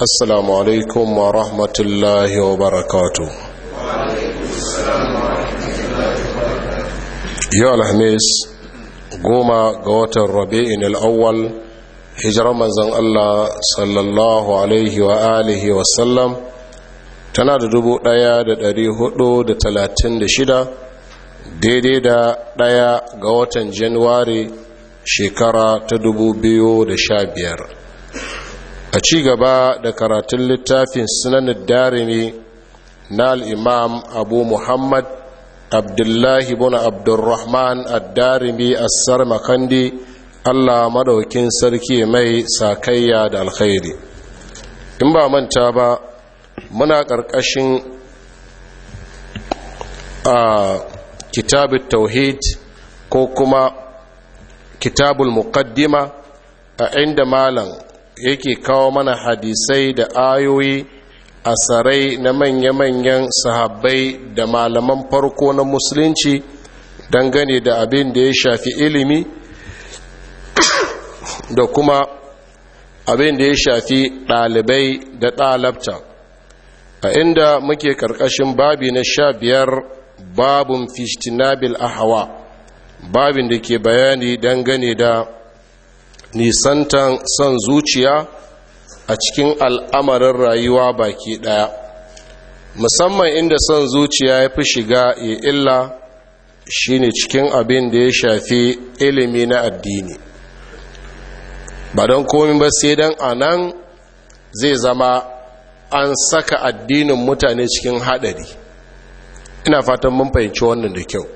assalamu alaikum wa rahmatullahi wa barakatu yau alhamis goma ga watan rabi'in al'awwal hijirar manzan Allah sallallahu alaihi wa alihi wa sallam tana da dubu ɗaya da dari hudu da talatin da shida daidai da ɗaya ga watan januwari shekara ta dubu biyu da sha biyar a ci gaba da karatun littafin sunanin darimi na al'imam abu muhammad abdullahi bin abdurrahman ad a assar makandi allah madaukin sarki mai sakayya da alkhairi in ba manta ba muna ƙarƙashin a kitabin tauhid ko kuma kitabul muqaddima a inda malam yake kawo mana hadisai da ayoyi a sarai na manya-manyan sahabbai da malaman farko na musulunci dangane da abin da ya shafi ilimi da kuma abin da ya shafi ɗalibai da ɗalabta a inda muke ƙarƙashin babi na sha biyar babin fishtinabil Hawa, babin da ke bayani dangane da nisantan son zuciya a cikin al'amarin rayuwa baki ɗaya musamman inda son zuciya ya fi shiga ya illa shine cikin abin da ya shafi ilimi na addini ba don komi ba sai don a nan zai zama an saka addinin mutane cikin haɗari ina fatan mun fahimci wannan da kyau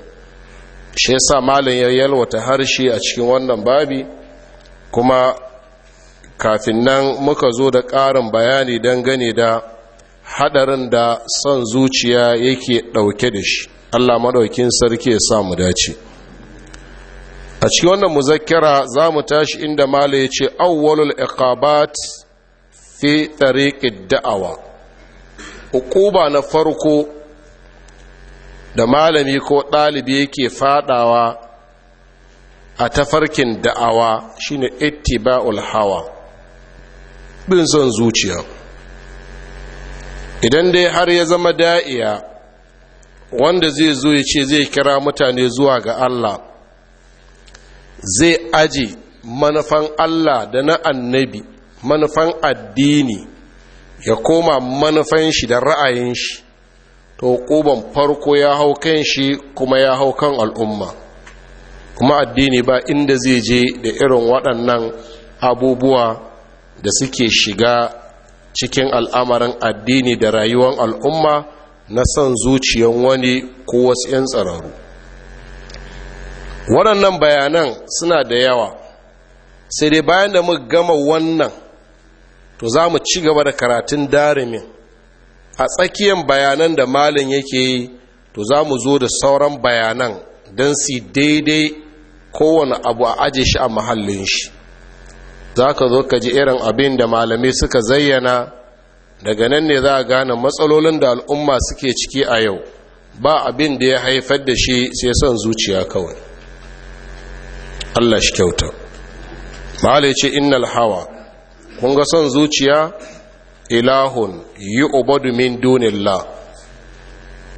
shi yasa malam ya yalwata harshe a cikin wannan babi kuma kafin nan muka zo da ƙarin bayani don gane da hadarin da son zuciya yake ɗauke da shi allah maɗaukin sarki ya samu dace a cikin wannan muzakkira za mu tashi inda mala ya ce awwalul iqabat fi tariqid da'awa hukuba na farko da malami ko ɗalibi yake faɗawa. a tafarkin da'awa shine ittiba'ul hawa bin son zuciya idan dai har ya zama da'iya wanda zai zo ya ce zai kira mutane zuwa ga Allah zai aji manufan Allah da na annabi manufan addini ya koma manufan shi da ra'ayin shi to ƙuban farko ya hau kan shi kuma ya hau kan al'umma kuma addini ba inda zai je da irin waɗannan abubuwa da suke shiga cikin al'amarin addini da rayuwar al'umma na son zuciyan wani ko wasu 'yan tsararru waɗannan bayanan suna da yawa sai dai bayan da muka gama wannan to za mu ci gaba da karatun darimin a tsakiyar bayanan da malin yake yi to za mu zo da sauran bayanan don su daidai kowane abu a aje shi a mahallin shi za ka zo ka ji irin abin da malami suka zayyana daga nan ne za a gane matsalolin da al'umma suke ciki a yau ba abin da ya haifar da shi sai son zuciya kawai allah shi kyauta mahalai ce innal hawa kun ga son zuciya ilahun yi ubadu min dunillah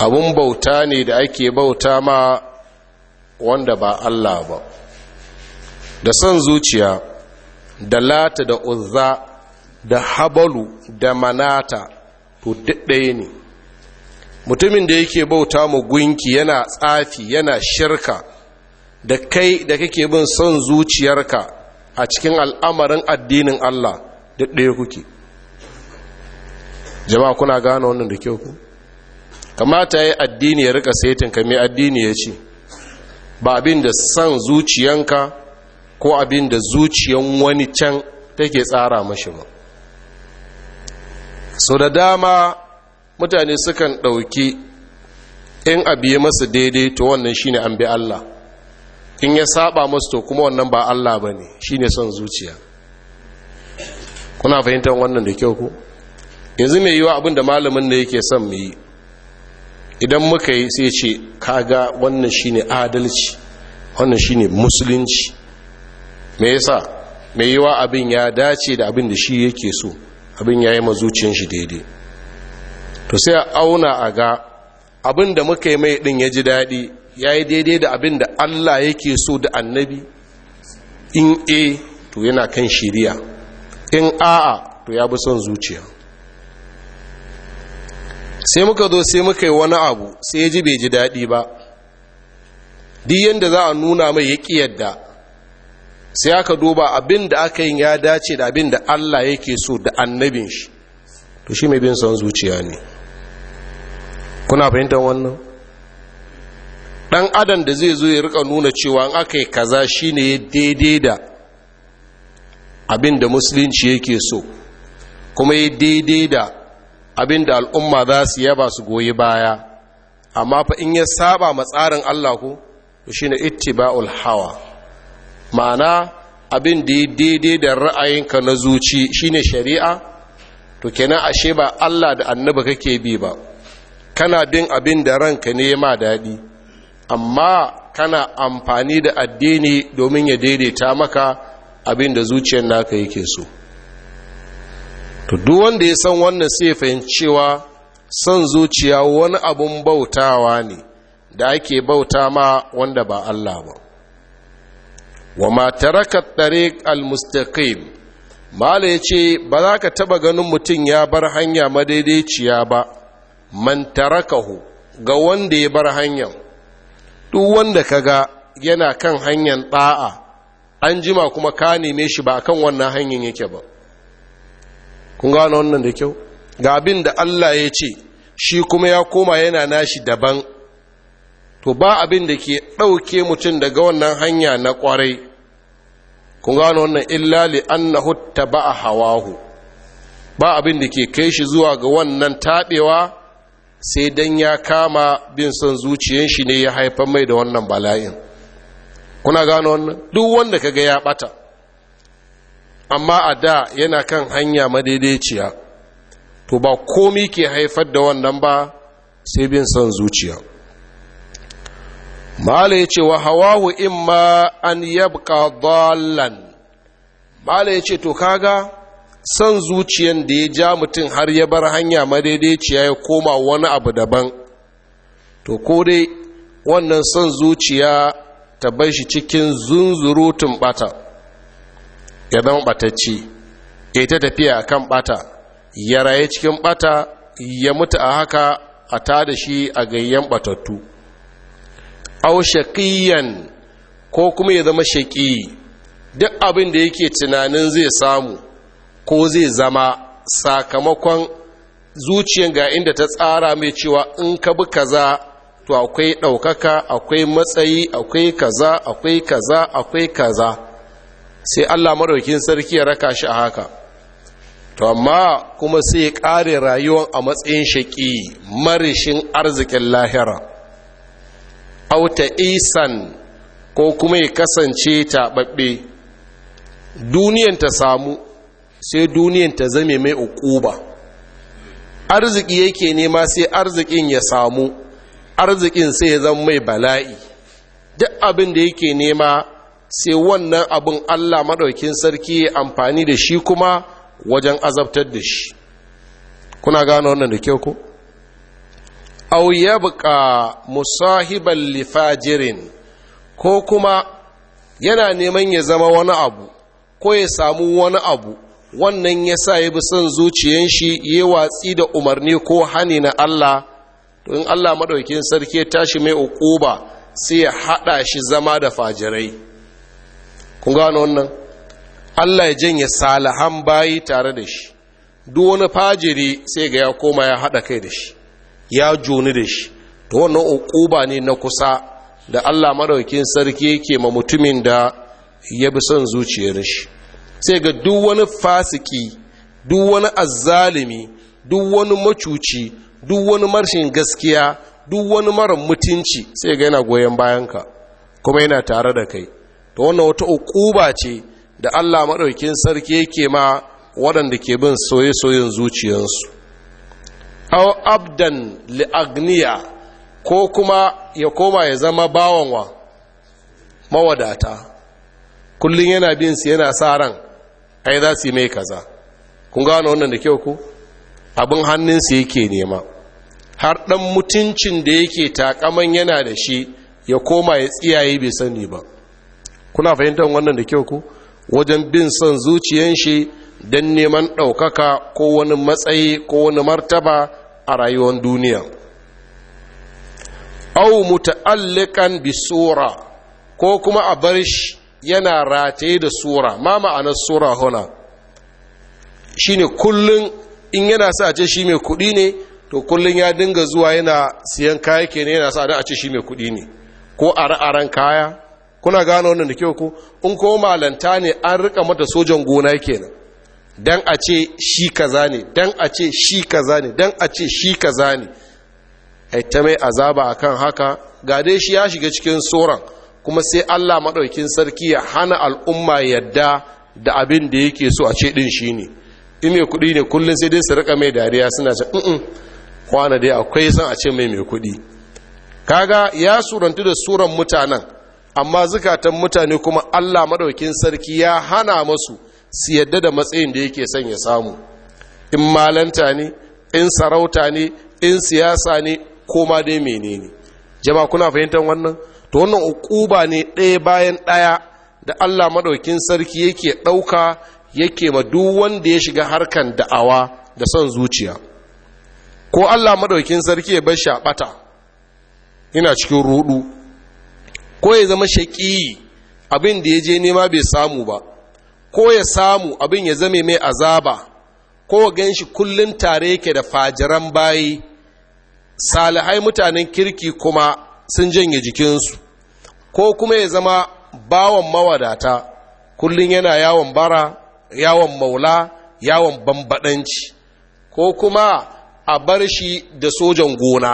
abun bauta ne da ake bauta ma wanda ba allah ba da son zuciya da lata da uzza da habalu da manata to ɗaya ne mutumin da yake bauta mu gunki yana tsafi yana shirka da kai da kake bin son zuciyarka a cikin al'amarin addinin Allah duk ɗaya kuke jama'a kuna gane wannan da kyau ku kamata ya addini ya rika saitin ka mai addini ya ce ba abin da son zuciyanka ko abin da zuciyan wani can take tsara mashi ba so da dama mutane sukan ɗauki in abiye masu daidai to wannan shi ne an bi Allah in ya saba masu to kuma wannan ba Allah ba ne shi ne son zuciya kuna fahimtar wannan da kyau ku yanzu mai wa abin da malamin da yake son mu yi idan muka yi sai ce kaga wannan shi ne adalci wannan shi ne musulunci me yasa mai yiwa abin ya dace da abin da shi yake so abin ya yi mazucin shi daidai to sai a auna a ga abin da muka yi mai ɗin ya ji daɗi ya yi daidai da abin da allah yake so da annabi in a to yana kan shiriya in a'a to ya bi son zuciya sai muka zo sai muka yi wani abu sai ya ji bai ji daɗi ba duk yadda za a nuna mai ya ƙi yadda sai aka duba abin da aka yin ya dace da abin da Allah yake so da annabin shi to shi mai bin son zuciya ne kuna fahimtar wannan dan adam da zai zo ya rika nuna cewa an aka yi kaza shine ya daidai da abin da musulunci yake so kuma ya daidai da abin da al'umma za su yaba su goyi baya amma fa in ya saba matsarin Allah ku shine ittiba'ul hawa ma'ana abin da ya daidai da ra'ayinka na zuci shine shari'a to kenan ashe ba Allah da annaba kake bi ba kana bin abin da ranka ne ma daɗi amma kana amfani da addini domin ya daidaita maka abin da zuciyar naka yake so to duk wanda ya san wannan sai fahimcewa son zuciya wani abun bautawa ne da ake bauta ma wanda ba Allah ba wa ma taraka tariq al-mustaqim mala yace ba za ka taba ganin mutum ya bar hanya madaidaiciya ba man tarakahu ga wanda ya bar hanyar duk wanda ka ga yana kan hanyar ɗa'a, an jima kuma ka neme shi ba kan wannan hanyar yake ba kun gano wannan da kyau ga abin da Allah ya ce shi kuma ya koma yana nashi daban to ba abin da ke ɗauke mutum daga wannan hanya na kwarai, kun gano wannan illa li annahu taba'a hawahu ba abin da ke kai shi zuwa ga wannan taɓewa sai dan ya kama bin son zuciyan shi ne ya haifar mai da wannan bala'in kuna gano wannan duk wanda kaga ya ɓata. amma a da yana kan hanya madaidaiciya to ba komi ke haifar da wannan ba sai bin son zuciya mala ya ce wa hawahu imma an yabka dalan mala ya ce to kaga son zuciyan da ya ja mutum har ya bar hanya madaidaiciya ya koma wani abu daban to ko dai wannan son zuciya ta bai shi cikin zunzurutun bata ya zama batacci ya ta tafiya a kan bata ya raye cikin bata ya mutu a haka a tada shi a gayyan batattu au shaqiyan ko kuma ya zama shaqi duk abin da yake tunanin zai samu ko zai zama sakamakon zuciyar ga inda ta tsara mai cewa in ka bi kaza to akwai ɗaukaka akwai matsayi akwai kaza akwai kaza akwai kaza sai allah maraukin sarki ya raka shi a haka to amma kuma sai ya ƙare rayuwar a matsayin shaƙi marishin arzikin lahira auta isan ko kuma ya kasance taɓaɓɓe duniyan ta samu sai duniyan ta zame mai ƙuba arziki yake nema sai arzikin ya samu arzikin sai ya zama mai bala'i duk abin da yake nema sai wannan abin allah maɗaukin sarki ya amfani da shi kuma wajen azabtar da shi kuna gane wannan da kyau ko? aw yabqa musahiban fajirin ko kuma yana neman ya zama wani abu ko ya samu wani abu wannan ya sa ya bi son zuciyan shi ya watsi da umarni ko hani na Allah to in Allah madaukin sarki ya tashi mai uquba sai ya hada shi zama da fajirai kun gano wannan Allah ya janye salahan bayi tare da shi duk wani fajiri sai ga ya koma ya hada kai da shi ya joni da shi to wannan ukuba ne na kusa da Allah madaukakin sarki yake ma mutumin da ya bi son zuciyar shi sai ga duk wani fasiki duk wani azzalimi duk wani macuci duk wani marshin gaskiya duk wani mara mutunci sai ga yana goyon bayanka kuma yana tare da kai to wannan wata ukuba ce da Allah madaukakin sarki yake ma waɗanda ke bin soye-soyen zuciyarsu aw abdan li agniya ko kuma ya koma ya zama bawan wa mawadata kullum yana bin su yana sa ran ai za su yi mai kaza kun gano wannan da kyau ku abin hannunsu yake nema har ɗan mutuncin da yake takaman yana da shi ya koma ya tsiyaye bai sani ba kuna fahimtar wannan da kyau ku wajen bin son zuciyan shi don neman ɗaukaka ko wani matsayi ko wani martaba a rayuwar duniya au muta'alliqan bi sura ko kuma a bar shi yana rataye da sura ma ma'anar sura hona shine kullun in yana sa a ce shi mai kuɗi ne to kullun ya dinga zuwa yana siyan kaya kenan yana sa a ce shi mai kuɗi ne ko are-aren kaya kuna gano wannan da kyau ku in ko malanta ne an rika mata sojan gona kenan dan a ce shi kaza ne dan a ce shi kaza ne dan a ce shi kaza ne ai ta mai azaba akan haka ga dai shi ya shiga cikin tsoron kuma sai Allah maɗaukin sarki ya hana al'umma yadda da abin da yake so a ce ɗin shi ne in mai kuɗi ne kullum sai dai su rika mai dariya suna ce mm kwana dai akwai san a ce mai mai kuɗi kaga ya surantu da suran mutanen amma zukatan mutane kuma Allah maɗaukin sarki ya hana masu su yadda da matsayin da yake son ya samu in malanta ne in sarauta ne in siyasa ne ko ma dai menene jama kuna fahimtar wannan to wannan ukuba ne ɗaya bayan ɗaya da Allah madaukin sarki yake ɗauka yake ma duk wanda ya shiga harkan da'awa da son zuciya ko Allah madaukin sarki ya bar shi a bata ina cikin ruɗu. ko ya zama shaƙi abin da ya je nema bai samu ba ko ya samu abin ya zame mai azaba ko gan shi kullum tare yake da fajiran bayi salihai mutanen kirki kuma sun janye jikinsu ko kuma ya zama bawan mawadata kullum yana yawon bara yawon maula yawon bambadanci ko kuma a bar shi da sojan gona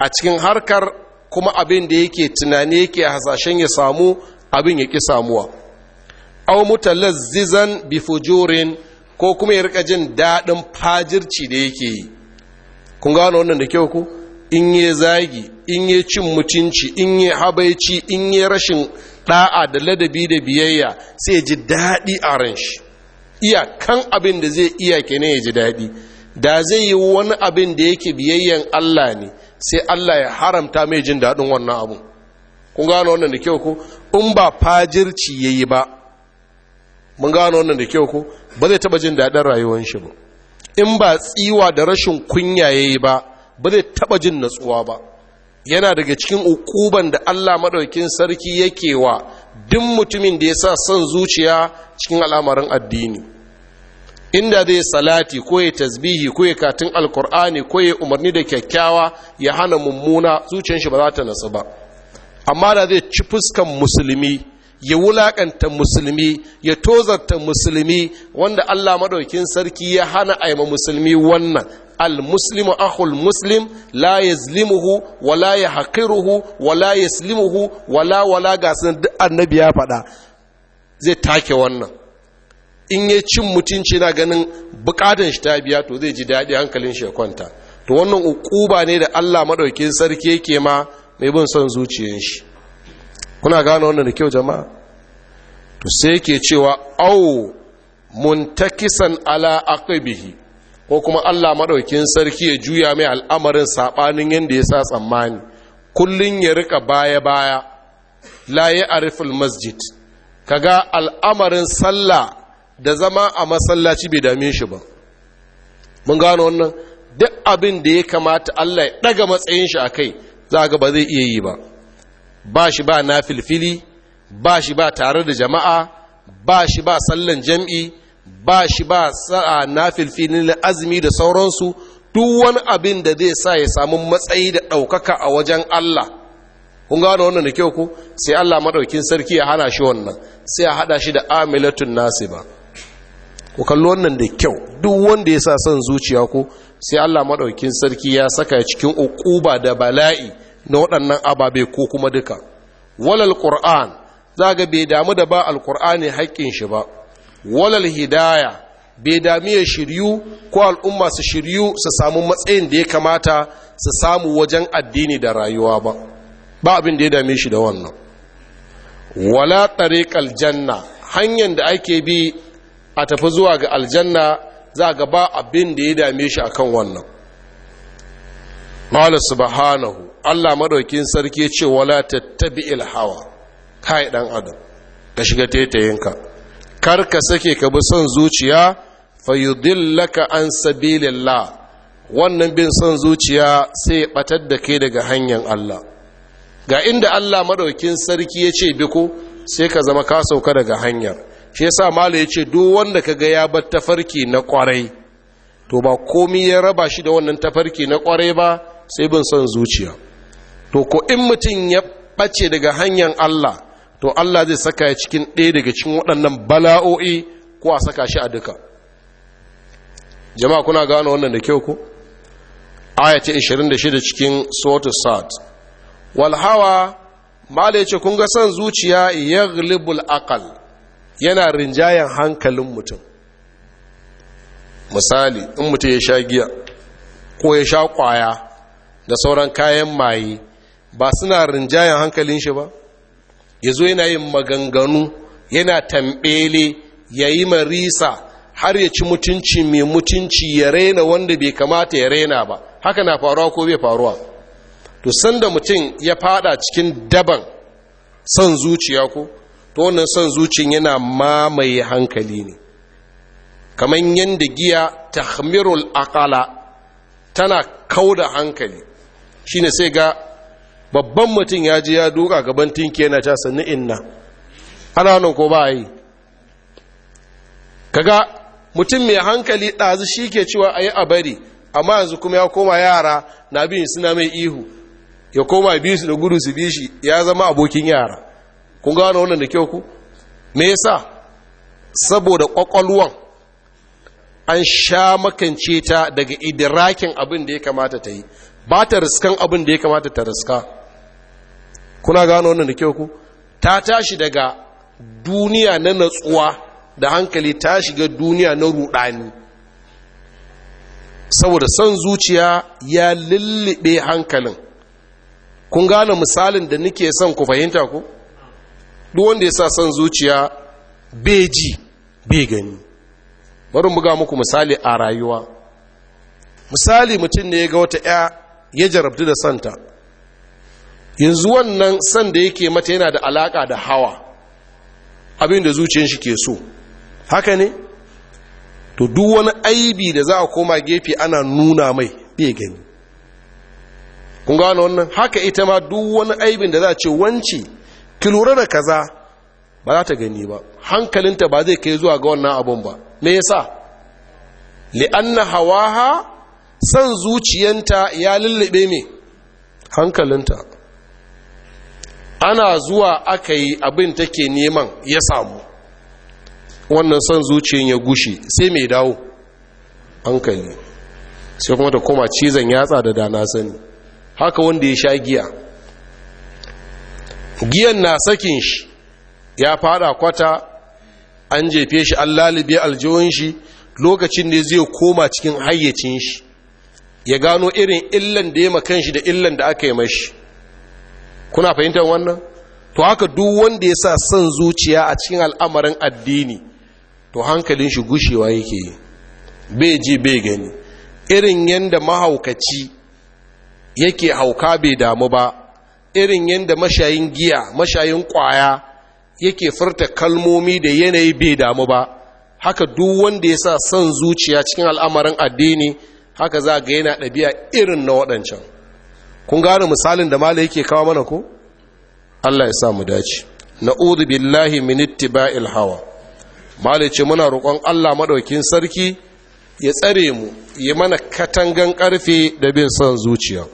a cikin harkar kuma abin da yake tunani yake hasashen ya samu abin ya ƙi samuwa aw mutalazzizan bi fujurin ko kuma ya rika jin daɗin fajirci da yake yi kun gano wannan da kyau ku in yi zagi in yi cin mutunci in yi habaici in yi rashin ɗa'a da ladabi da biyayya sai ji daɗi a ran shi iyakan abin da zai iya kenan ya ji daɗi da zai yi wani abin da yake biyayyan Allah ne sai Allah ya haramta mai jin daɗin wannan abu kun gano wannan da kyau ku in ba fajirci yayi ba mun gano wannan da kyau ko ba zai taba jin daɗin rayuwar shi ba in ba tsiwa da rashin kunya yayi ba ba zai taba jin natsuwa ba yana daga cikin ukuban da Allah madaukin sarki yake wa duk mutumin da ya sa son zuciya cikin al'amarin addini inda zai salati ko ya tasbihi ko ya katin alkur'ani ko ya umarni da kyakkyawa ya hana mummuna zuciyar shi ba za ta nasu ba amma da zai ci fuskan musulmi ya wulakanta musulmi ya tozarta musulmi wanda Allah madaukin sarki ya hana aima musulmi wannan المسلم أخو المسلم لا يظلمه ولا يحقره ولا يسلمه ولا ولا غاسن النبي ya faɗa zai take wannan in ya cin mutunci na ganin bukatan shi ta biya to zai ji daɗi hankalin shi ya kwanta to wannan ukuba ne da Allah madaukin sarki yake ma mai bin son zuciyar shi kuna gano wannan da kyau jama'a to sai ke cewa au muntakisan ala aqibihi ko kuma Allah madaukin sarki ya juya mai al'amarin sabanin yanda ya sa tsammani kullun ya rika baya baya la ya ariful masjid kaga al'amarin sallah da zama a masallaci bai dame shi ba mun gano wannan duk abin da ya kamata Allah ya daga matsayin shi akai za ga ba zai iya yi ba ba shi ba na filfili ba shi ba tare da jama'a ba shi ba sallan jam'i ba shi ba sa'a na na azumi da sauransu duk wani abin da zai sa ya samu matsayi da ɗaukaka a wajen Allah kun gano wannan da kyau ku sai Allah maɗaukin sarki ya hana shi wannan sai a haɗa shi da amilatun nasiba ku kallo wannan da kyau duk wanda ya sa son zuciya ku sai Allah maɗaukin sarki ya saka cikin uquba da bala'i na waɗannan ababe ko kuma duka walal ƙur'an za ga bai damu da ba alqur'ani haƙƙin shi ba walal hidaya bai dami ya shiryu ko al'umma su shiryu su samu matsayin da ya kamata su samu wajen addini da rayuwa ba ba abin da ya dame shi da wannan wala tariqal janna hanyar da ake bi a tafi zuwa ga aljanna za ga ba abin da ya dame shi a kan wannan qala subhanahu Allah maɗaukin sarki ce wala tattabi'il hawa kai dan adam ka shiga tetayinka kar ka sake ka bi son zuciya yudillaka an sabilillah wannan bin son zuciya sai batar da kai daga hanyar Allah ga inda Allah maɗaukin sarki ya ce biko sai ka zama ka sauka daga hanyar shi yasa malai ya ce duk wanda ka ga ya bar tafarki na kwarai to ba komai ya raba shi da wannan tafarki na kwarai ba sai bin son zuciya to ko in mutum ya ɓace daga hanyar Allah to Allah zai saka ya cikin ɗaya daga cikin waɗannan bala'o'i ko a saka shi a duka jama'a kuna gano wannan da kyau ko aya 26 cikin sotu sat walhawa mala ce kun ga son zuciya ya ghlibul aqal yana rinjayen hankalin mutum misali in mutum ya sha giya ko ya sha kwaya da sauran kayan maye ba suna rinjayen hankalin shi ba ya zo yana yin maganganu yana tambele ya yi marisa har ya ci mutunci mai mutunci ya raina wanda bai kamata ya raina ba haka na faruwa ko bai faruwa to sanda mutum ya fada cikin daban son zuciya ko to wannan son zuciya yana mamaye hankali ne kamar yadda giya tahmirul akala tana kauda hankali shine sai ga babban mutum ya ji ya duka gaban tinki yana ta sannu inna ana nan ko ba yi kaga mutum mai hankali ɗazu shi ke cewa a yi a bari amma yanzu kuma ya koma yara na bin suna mai ihu ya koma biyu su da gudu su bi shi ya zama abokin yara kun gano wannan da kyau ku me yasa saboda kwakwalwan an sha makance ta daga idirakin abin da ya kamata ta yi ba ta riskan abin da ya kamata ta riska kuna gano wannan da kyau ku ta tashi daga duniya na natsuwa da hankali ta shiga duniya na rudani saboda son zuciya ya lullube hankalin kun gane misalin da nake son ku fahimta ku duk wanda ya sa son zuciya beji bai gani bari buga muku misali a rayuwa misali mutum ne ya ga wata 'ya ya jarabtu da santa yanzu wannan san da yake mata yana da alaka da hawa abinda da zuciyar shi ke so haka ne to duk wani aibi da za a koma gefe ana nuna mai bai gani kun gano wannan haka ita ma duk wani aibin da za a ce wanci ki lura da kaza ba za ta gani ba hankalinta ba zai kai zuwa ga wannan abun ba me yasa li'anna hawaha san zuciyanta ya lullube me hankalinta ana zuwa aka yi abin take neman ya samu wannan son zuciyar ya gushe sai mai dawo hankali sai kuma ta koma cizon yatsa da dana sani haka wanda ya sha giya giyan na sakin shi ya fada kwata an jefe shi an lalibi aljihun shi lokacin da zai koma cikin hayyacin shi ya gano irin illan da ya makan shi da illan da aka yi mashi kuna fahimtar wannan to haka duk wanda ya sa son zuciya a cikin al'amarin addini to hankalin shi gushewa yake yi bai ji bai gani irin yadda mahaukaci yake hauka bai damu ba irin yadda mashayin giya mashayin kwaya yake furta kalmomi da yanayi bai damu ba haka duk wanda ya sa son zuciya cikin al'amarin addini haka za ga yana ɗabi'a irin na waɗancan kun gane misalin da mala yake kawo mana ko Allah ya sa mu dace na'udhu billahi min ittiba'il hawa mala ce muna roƙon Allah madaukin sarki ya tsare mu ya mana katangan karfe da bin son zuciya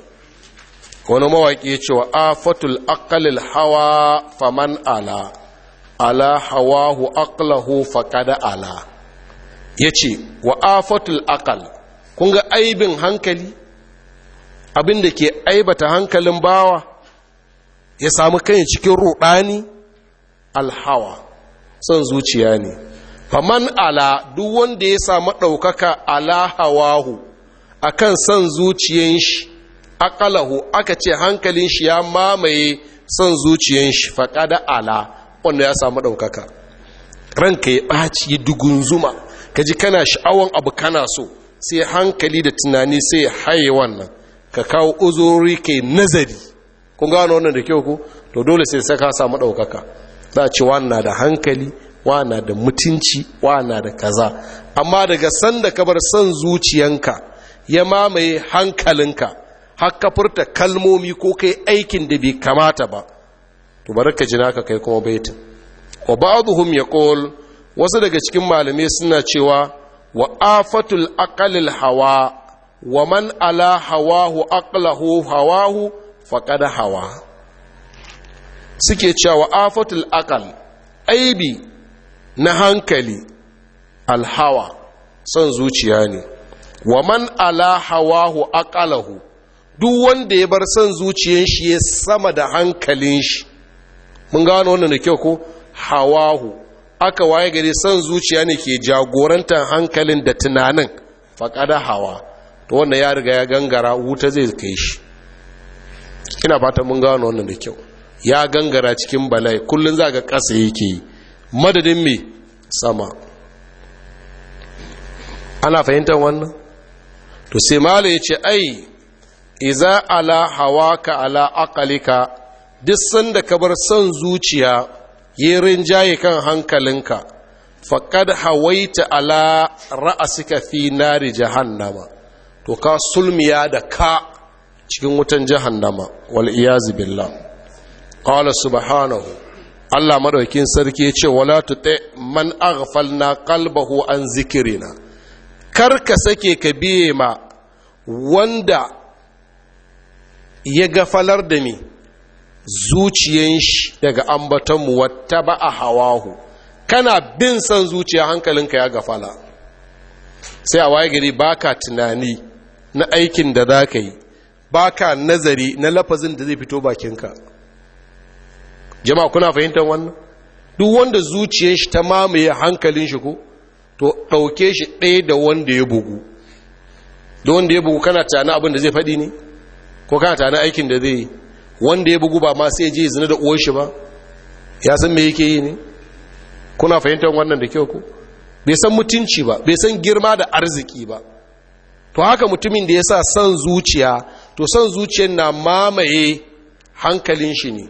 wani mawaƙi ya ce wa afatul aqalil hawa faman ala ala hawahu aqlahu faqada ala yace wa afatul aqal kun ga aibin hankali abin da ke aibata hankalin bawa ya samu kai cikin ruɗani alhawa son zuciya ne faman ala duk wanda ya samu ɗaukaka ala hawahu akan son zuciyan shi akalahu aka ce hankalin shi ya mamaye son zuciyan shi da ala wanda ya samu ɗaukaka ranka ya ɓaci dugun zuma ka ji kana sha'awan abu kana so sai hankali da tunani sai haye wannan ka kawo uzuri ke nazari kun gano wannan da kyau ku to dole sai saka samu ɗaukaka za a ce da hankali na da mutunci na da kaza amma daga sanda ka bar son zuciyanka ya mamaye hankalinka har ka furta kalmomi ko kai aikin da bai kamata ba to bari ka jina ka kai kuma baitin wa ba'dhum yaqul wasu daga cikin malamai suna cewa wa afatul aqalil hawa wa man ala hawahu aqlahu hawahu faqad hawa suke cewa afatul aqal aibi na hankali alhawa son zuciya ne wa man duk wanda ya bar son zuciyar shi ya sama da hankalin shi mun gano wannan da kyau ko hawahu aka waye gari son zuciya ne ke jagorantar hankalin da tunanin faƙada hawa to wanda ya riga ya gangara wuta zai kai shi ina fatan mun gano wannan da kyau ya gangara cikin bala'i kullun za ga ƙasa yake yi madadin me sama ana fahimtar wannan to sai mala ya ce ai iza ala ka ala akalika duk sanda ka bar son zuciya yi rinjaye kan hankalinka faƙad hawaita ala ra'asika fi nari jahannama to ka sulmiya da ka cikin wutan jahannama wal iyazu billah qala subhanahu Allah maɗaukin sarki ya ce wala tuti man aghfalna qalbahu an zikrina kar ka sake ka biye ma wanda ya gafalar da ni zuciyan shi daga ambatonmu wata ba a hawahu kana bin son zuciya hankalinka ya gafala sai a waye gari baka tunani na aikin da za ka yi ba ka nazari na lafazin da zai fito bakinka jama'a kuna fahimtar wannan duk wanda zuciyar shi ta mamaye hankalin shi ko to ɗauke shi ɗaya da wanda ya bugu da wanda ya bugu kana tana abin da zai faɗi ne ko kana tana aikin da zai yi wanda ya bugu ba ma sai je zina da uwar shi ba ya san me yake yi ne kuna fahimtar wannan da kyau ko bai san mutunci ba bai san girma da arziki ba to haka mutumin da ya sa son zuciya to son zuciyar na mamaye hankalin shi ne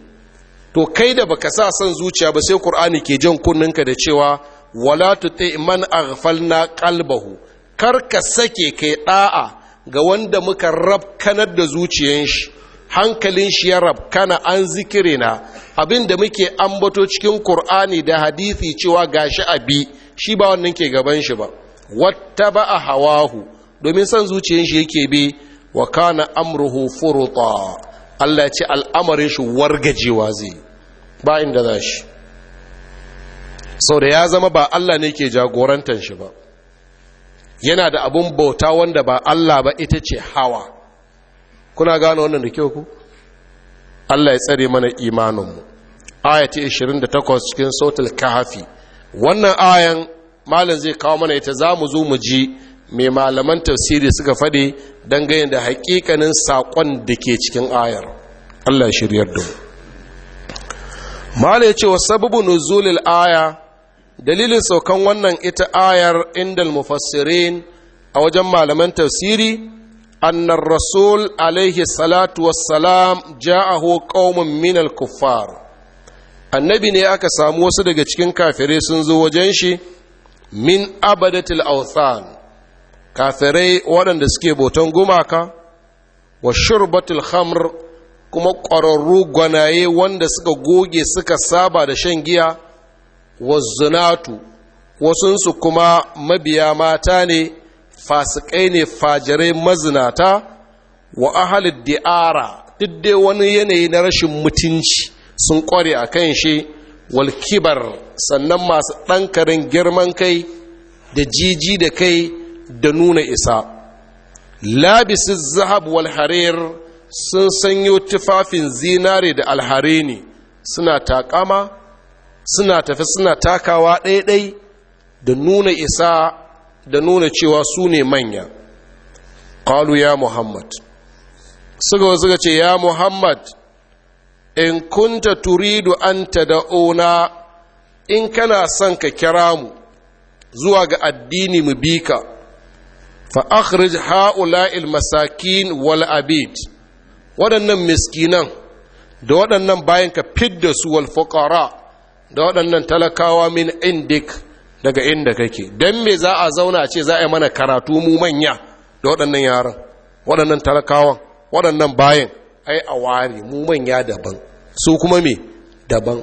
to kai da baka sa son zuciya ba sai qur'ani ke jan kunninka da cewa wala tuti man aghfalna kalbahu. kar ka sake kai da'a ga wanda muka rabkanar da zuciyar shi hankalin shi ya rabkana an zikirina abin da muke ambato cikin qur'ani da hadisi cewa gashi abi shi ba wannan ke gaban shi ba wattaba hawahu domin son zuciyar shi yake bi wa kana amruhu furuta Allah ya ce al'amarin shi wargajewa zai ba inda za shi sau da ya zama ba Allah ne ke jagorantar shi ba yana da abun bauta wanda ba Allah ba ita ce hawa kuna gano wannan da kyau ku Allah ya tsare mana imaninmu ayati 28 cikin sautul kahafi wannan ayan malam zai kawo mana ita za mu zo mu ji mai malaman tafsiri suka faɗi don gayin da hakikanin saƙon da ke cikin ayar allah shiryar don mala ya ce wa sababu nuzulil aya dalilin saukan wannan ita ayar indal mufassirin a wajen malaman tafsiri annar rasul alaihi salatu wassalam ja'ahu qaumun minal kuffar annabi ne aka samu wasu daga cikin kafirai sun zo wajen shi min abadatil authan kafirai waɗanda suke boton gumaka wa shurbatul khamr kuma ƙwararru gwanaye wanda suka goge suka saba da shan giya wa zunatu wasunsu kuma mabiya mata ne fasikai ne fajirai mazinata wa ahalid di'ara duk dai wani yanayi na rashin mutunci sun ƙware a kan shi walkibar sannan masu ɗankarin girman kai da jiji da kai da nuna isa labisin zahab wal harir sun sanyo tufafin zinare da alhare ne suna takama suna tafi suna takawa ɗaiɗai da nuna isa da nuna cewa su ne manya ƙalu ya muhammad suka suka ce ya muhammad in kunta turidu an ta daona in kana son ka kira mu zuwa ga addini mu bika fa akhrij ha'ula'il masakin wal abid waɗannan miskinan da waɗannan bayan ka fidda su wal fuqara da waɗannan talakawa min indik daga inda kake dan me za a zauna a ce za a yi mana karatu mu manya da waɗannan yaran waɗannan talakawan waɗannan bayan ai a ware mu manya daban su kuma me daban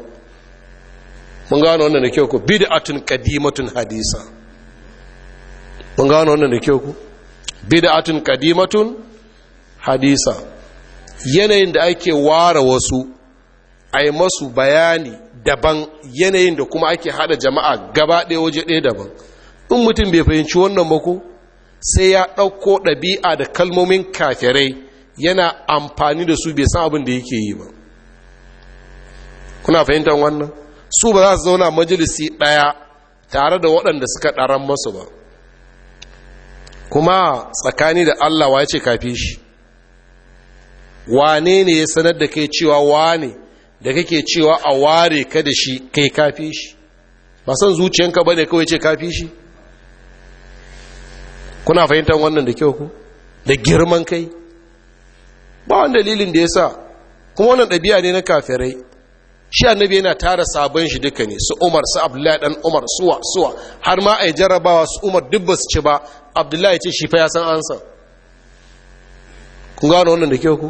mun gano wannan na kyau ko bid'atun qadimatun hadisa mun gano wannan da kyau ku bid'atun qadimatun hadisa yanayin da ake ware wasu ai masu bayani daban yanayin da kuma ake hada jama'a gaba ɗaya waje ɗaya daban in mutum bai fahimci wannan ba ko sai ya ɗauko ɗabi'a da kalmomin kafirai yana amfani da su bai san abin da yake yi ba kuna fahimtar wannan su ba za su zauna majalisi ɗaya tare da waɗanda suka ɗaran masu ba kuma tsakani da Allah wa ce kafi shi wane ne ya sanar da kai cewa wane da kake cewa a ware ka da shi kai kafi shi ba san zuciyanka bane kawai ce kafi shi kuna fahimtar wannan da kyau ku da girman kai ba wani dalilin da ya sa kuma wannan ɗabi'a ne na kafirai shi annabi yana tara sabon shi duka ne su umar su abdullahi dan umar suwa suwa har ma a yi jarrabawa su umar duk basu su ci ba abdullahi ce shi fa ya san an san kun gano wannan da ke ku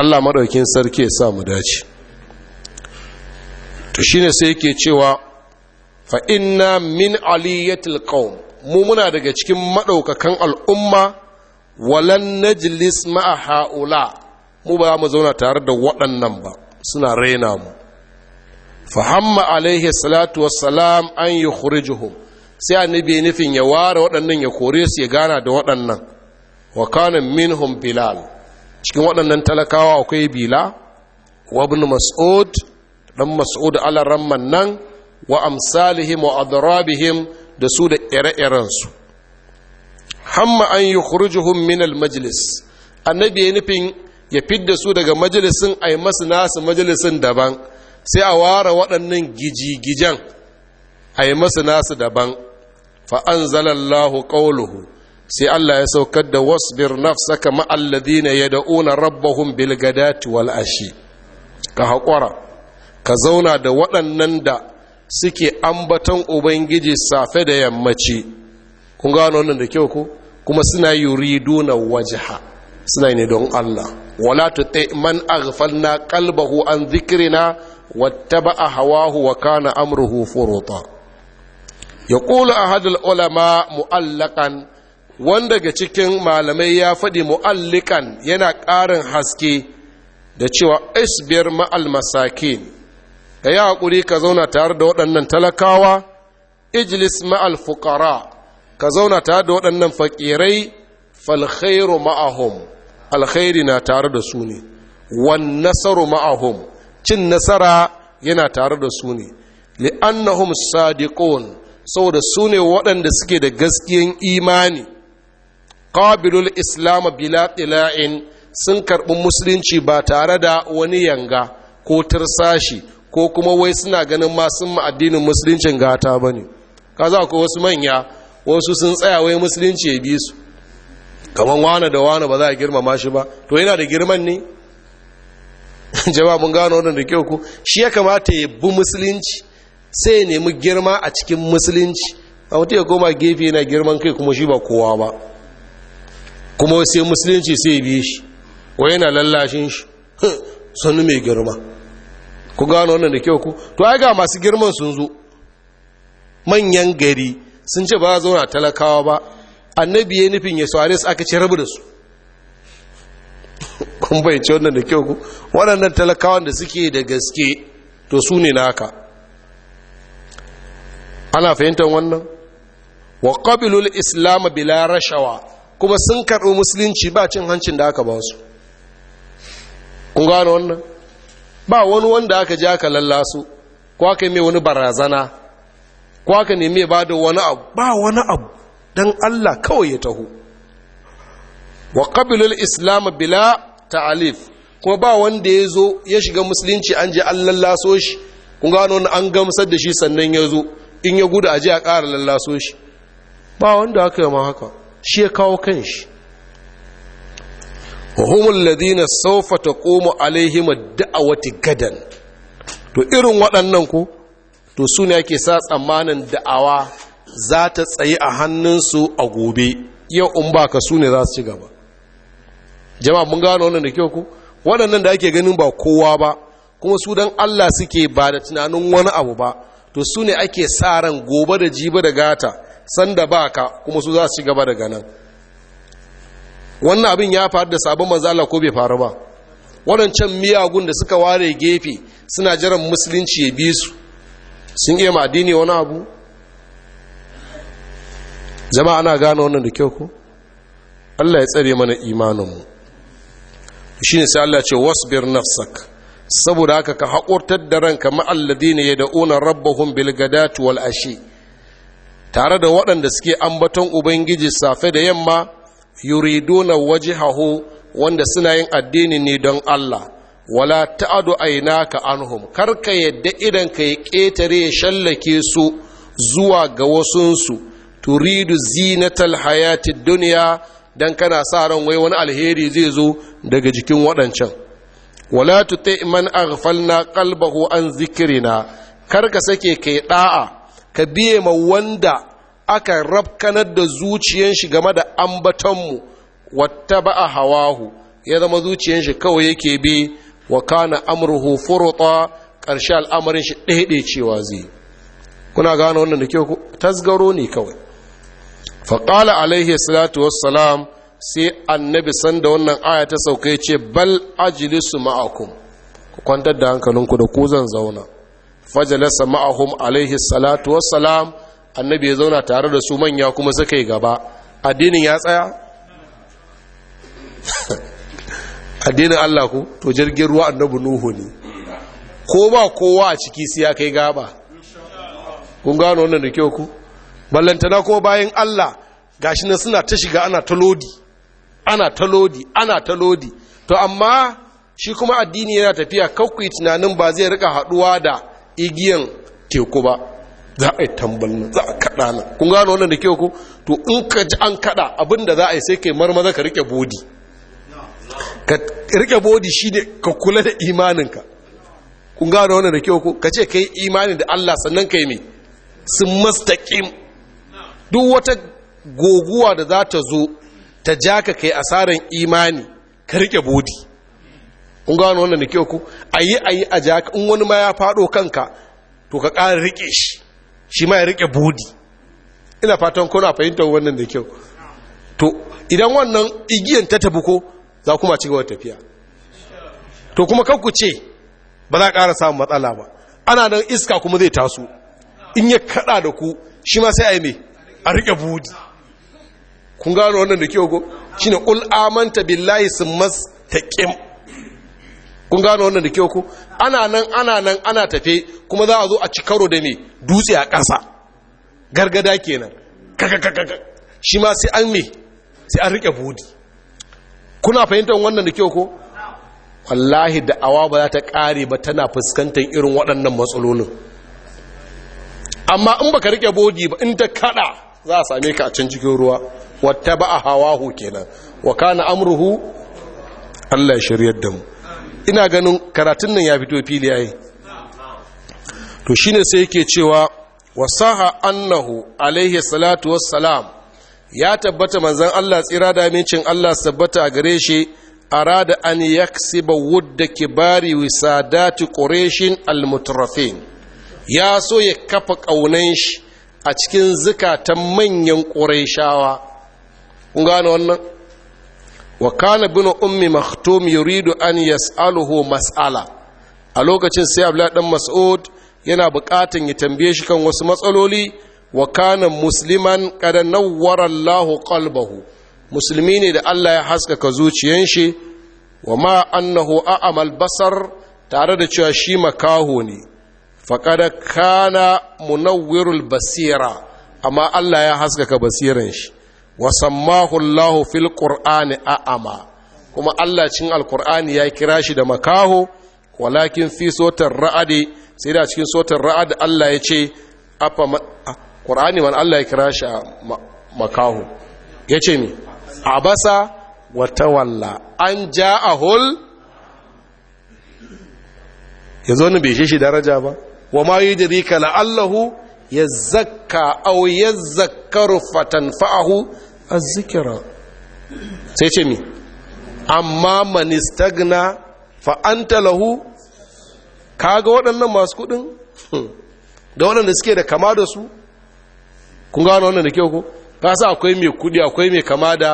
allah maɗaukin sarki ya sa mu dace to shine sai yake cewa fa inna min aliyatil qaum mu muna daga cikin maɗaukakan al'umma walan najlis ma'a ha'ula mu ba mu zauna tare da waɗannan ba suna raina mu fahamma alaihi salatu wassalam an yi khurijuhum sai annabi nufin ya ware waɗannan ya kore su ya gana da waɗannan wa kana minhum bilal cikin waɗannan talakawa akwai bila wa ibn mas'ud dan mas'ud ala ramman nan wa amsalihim wa adrabihim da su da ire-iren su hamma an yukhrijuhum min al majlis annabi ya nufin ya fidda su daga majalisin a yi masu nasu majalisin daban sai a ware waɗannan gijigijan a yi masu nasu daban fa'an zalallahu ƙauluhu sai Allah ya saukar da wasu saka ma’alladi ma'alladina ya da'una rabbahun bilgadati wal’ashi ashi ka haƙwara ka zauna da waɗannan da suke ambaton ubangiji safe da yammaci kun gano wannan da kyau ku kuma suna riduna wajaha suna ne don Allah wala tuti man aghfalna qalbahu an dhikrina wattaba'a hawahu wa kana amruhu furuta yaqulu ahad ulama mu'allaqan wanda ga cikin malamai ya faɗi mu'allikan yana ƙarin haske da cewa isbir ma'al masakin ka yi haƙuri ka zauna tare da waɗannan talakawa ijlis ma'al fuqara ka zauna tare da waɗannan faƙirai falkhairu ma'ahum alkhairi na tare da su ne wan nasaru ma'ahum cin nasara yana tare da su ne li'annahum sadiqun saboda su ne waɗanda suke da gaskiyan imani qabilul islam bila tila'in sun karɓi musulunci ba tare da wani yanga ko tirsashi ko kuma wai suna ganin ma sun ma addinin musuluncin gata bane kaza ko wasu manya wasu sun tsaya wai musulunci ya bi su kamar wane da wane ba za a girmama shi ba to yana da girman ne Jam'a mun gano wadanda da kyau ku? shi ya kamata ya bi musulunci sai ya nemi girma a cikin musulunci a mutu ya koma gefe yana girman kai kuma shi ba kowa ba kuma sai musulunci sai ya biye shi wai yana lallashin shi sannu mai girma ku gano wannan da kyau ku to ai ga masu girman sun zo manyan gari sun ce ba zauna talakawa ba annabi ya nufin ya saurari su aka ce rabu da su kun ci wannan da kyau ku waɗannan talakawan da suke da gaske to su ne naka ana fahimtar wannan wa ƙabilul islam bila rashawa kuma sun karɓi musulunci ba cin hancin da aka ba su kun gano wannan ba wani wanda aka ji aka lallasu ko aka yi mai wani barazana ko aka nemi ba da wani abu ba wani abu dan Allah kawai ya taho wa al islam bila ta'alif kuma ba wanda ya zo ya shiga musulunci an je an lallaso shi kun gano an gamsar da shi sannan ya zo in ya gudu a je a ƙara lallaso shi ba wanda aka yi ma haka shi ya kawo kan shi wahumul ladina sawfa taqumu alaihim da'awati gadan to irin waɗannan ko to su ne ake sa tsammanin da'awa za ta tsaye a hannunsu a gobe yau in ba ka su ne za su ci gaba jama'a mun gano wannan da kyau ku waɗannan da ake ganin ba kowa ba kuma su dan Allah suke ba da tunanin wani abu ba to su ne ake sa ran gobe da jiba da gata sanda ba ka kuma su za su ci gaba daga nan wannan abin ya faru da sabon maza ko bai faru ba waɗancan miyagun da suka ware gefe suna jiran musulunci ya bi su sun iya madini wani abu Zama ana gano wannan da kyau ko Allah ya tsare mana imaninmu shi ne sai Allah ce wasbir nafsak saboda haka ka haƙurtar da ranka ma'alladina ya da'una bil bilgadatu wal ashi tare da waɗanda suke ambaton ubangiji safe da yamma yuriduna wajhahu wanda suna yin addini ne don Allah wala ta'adu ka anhum kar ka yadda idan ka ya ƙetare ya shallake su zuwa ga wasunsu turidu zinatal hayatid duniya dan kana sa ran wai wani alheri zai zo daga jikin waɗancan wala tuti man aghfalna qalbahu an zikrina kar ka sake kai da'a ka biye ma wanda aka rabkanar da zuciyan shi game da mu wattaba'a hawahu ya zama zuciyan shi kawai yake bi wa kana amruhu furta ƙarshe al'amarin shi ɗaiɗe cewa zai kuna gano wannan da kyau tasgaro ne kawai faƙala alaihi salatu wassalam sai annabi sanda wannan aya ta sauka ya ce bal ajilisu ma'akum ku kwantar da hankalinku da ku zan zauna fajalasa ma'ahum alaihi salatu wassalam annabi ya zauna tare da su manya kuma suka yi gaba addinin ya tsaya addinin Allah ku to jirgin ruwa annabi nuhu ne ko ba kowa a ciki sai ya kai gaba kun gano wannan da kyau ku ballantana ko bayan Allah gashi nan suna ta shiga ana ta lodi ana ta lodi ana ta lodi to amma shi kuma addini yana tafiya kakwai tunanin ba zai rika haduwa da igiyan teku ba za a yi tambal nan za a kada nan kun gano wannan da kyau ku to in ka ji an kada abin da za a yi sai kai marmaza ka rike bodi ka rike bodi shine ka kula da imaninka kun gano wannan da kyau ku ka ce kai imani da Allah sannan kai me sun mustaqim duk wata goguwa da za ta zo ta ja ka kai asarar imani ka rike bodi kun gano wannan da kyau ku ayi ayi a ja in wani ma ya fado kanka to ka ƙara rike shi shi ma ya rike bodi ina fatan kuna fahimtar wannan da kyau to idan wannan igiyan ta tafi ko za kuma ci gaba tafiya to kuma kanku ce ba za ƙara samun matsala ba ana nan iska kuma zai taso in ya kada da ku shi ma sai a yi mai a riƙe budi kun gano wannan da kyau ko shine ul amanta billahi sumastaqim kun gano wannan da kyau ko ana nan ana nan ana tafe kuma za a zo a ci karo da me dutse a ƙasa gargada kenan kakakakaka shi ma sai an me sai an riƙe budi kuna fahimtar wannan da kyau ko wallahi da awa ba za ta ƙare ba tana fuskantar irin waɗannan matsalolin amma in baka rike bodi ba in ta kada za a same ka a can cikin ruwa wata ba a hawahu kenan wa na amruhu Allah ya shiryar da mu ina ganin karatun nan ya fito fili yayi to shine sai yake cewa wasaha annahu alaihi salatu wassalam ya tabbata manzon Allah tsira da amincin Allah sabbata a gare shi arada an yaksiba wudda kibari wisadati quraishin almutrafin ya so ya kafa kaunan shi a cikin zukatan manyan ƙurayshawa kun gane wannan wa kana bin ummi maktum yuridu an yas'aluhu mas'ala a lokacin sai abla dan mas'ud yana buƙatan ya tambaye shi kan wasu matsaloli wa kana musliman qad nawwara Allahu qalbahu musulmi ne da Allah ya haskaka zuciyan shi wa ma annahu a'amal basar tare da cewa shi makaho ne faƙada kana munawwirul basira amma Allah ya haskaka basiran shi wasammahu Allahu fil qur'ani a'ama kuma Allah cin alqur'ani ya kira shi da makaho walakin fi sotar ra'adi sai da cikin sotar ra'adi Allah ya ce afa qur'ani man Allah ya kira shi makaho ya ce mi abasa wa tawalla an ja'ahul yanzu wani bai shi daraja ba wa ma yudrika la'allahu yazakka aw fatan fa'ahu. az zikira sai ce mi amma man istagna fa anta lahu kaga waɗannan masu kuɗin hmm. da waɗanda suke da kama da su kun gano wannan da kyau ko ka sa akwai mai kuɗi akwai mai kama da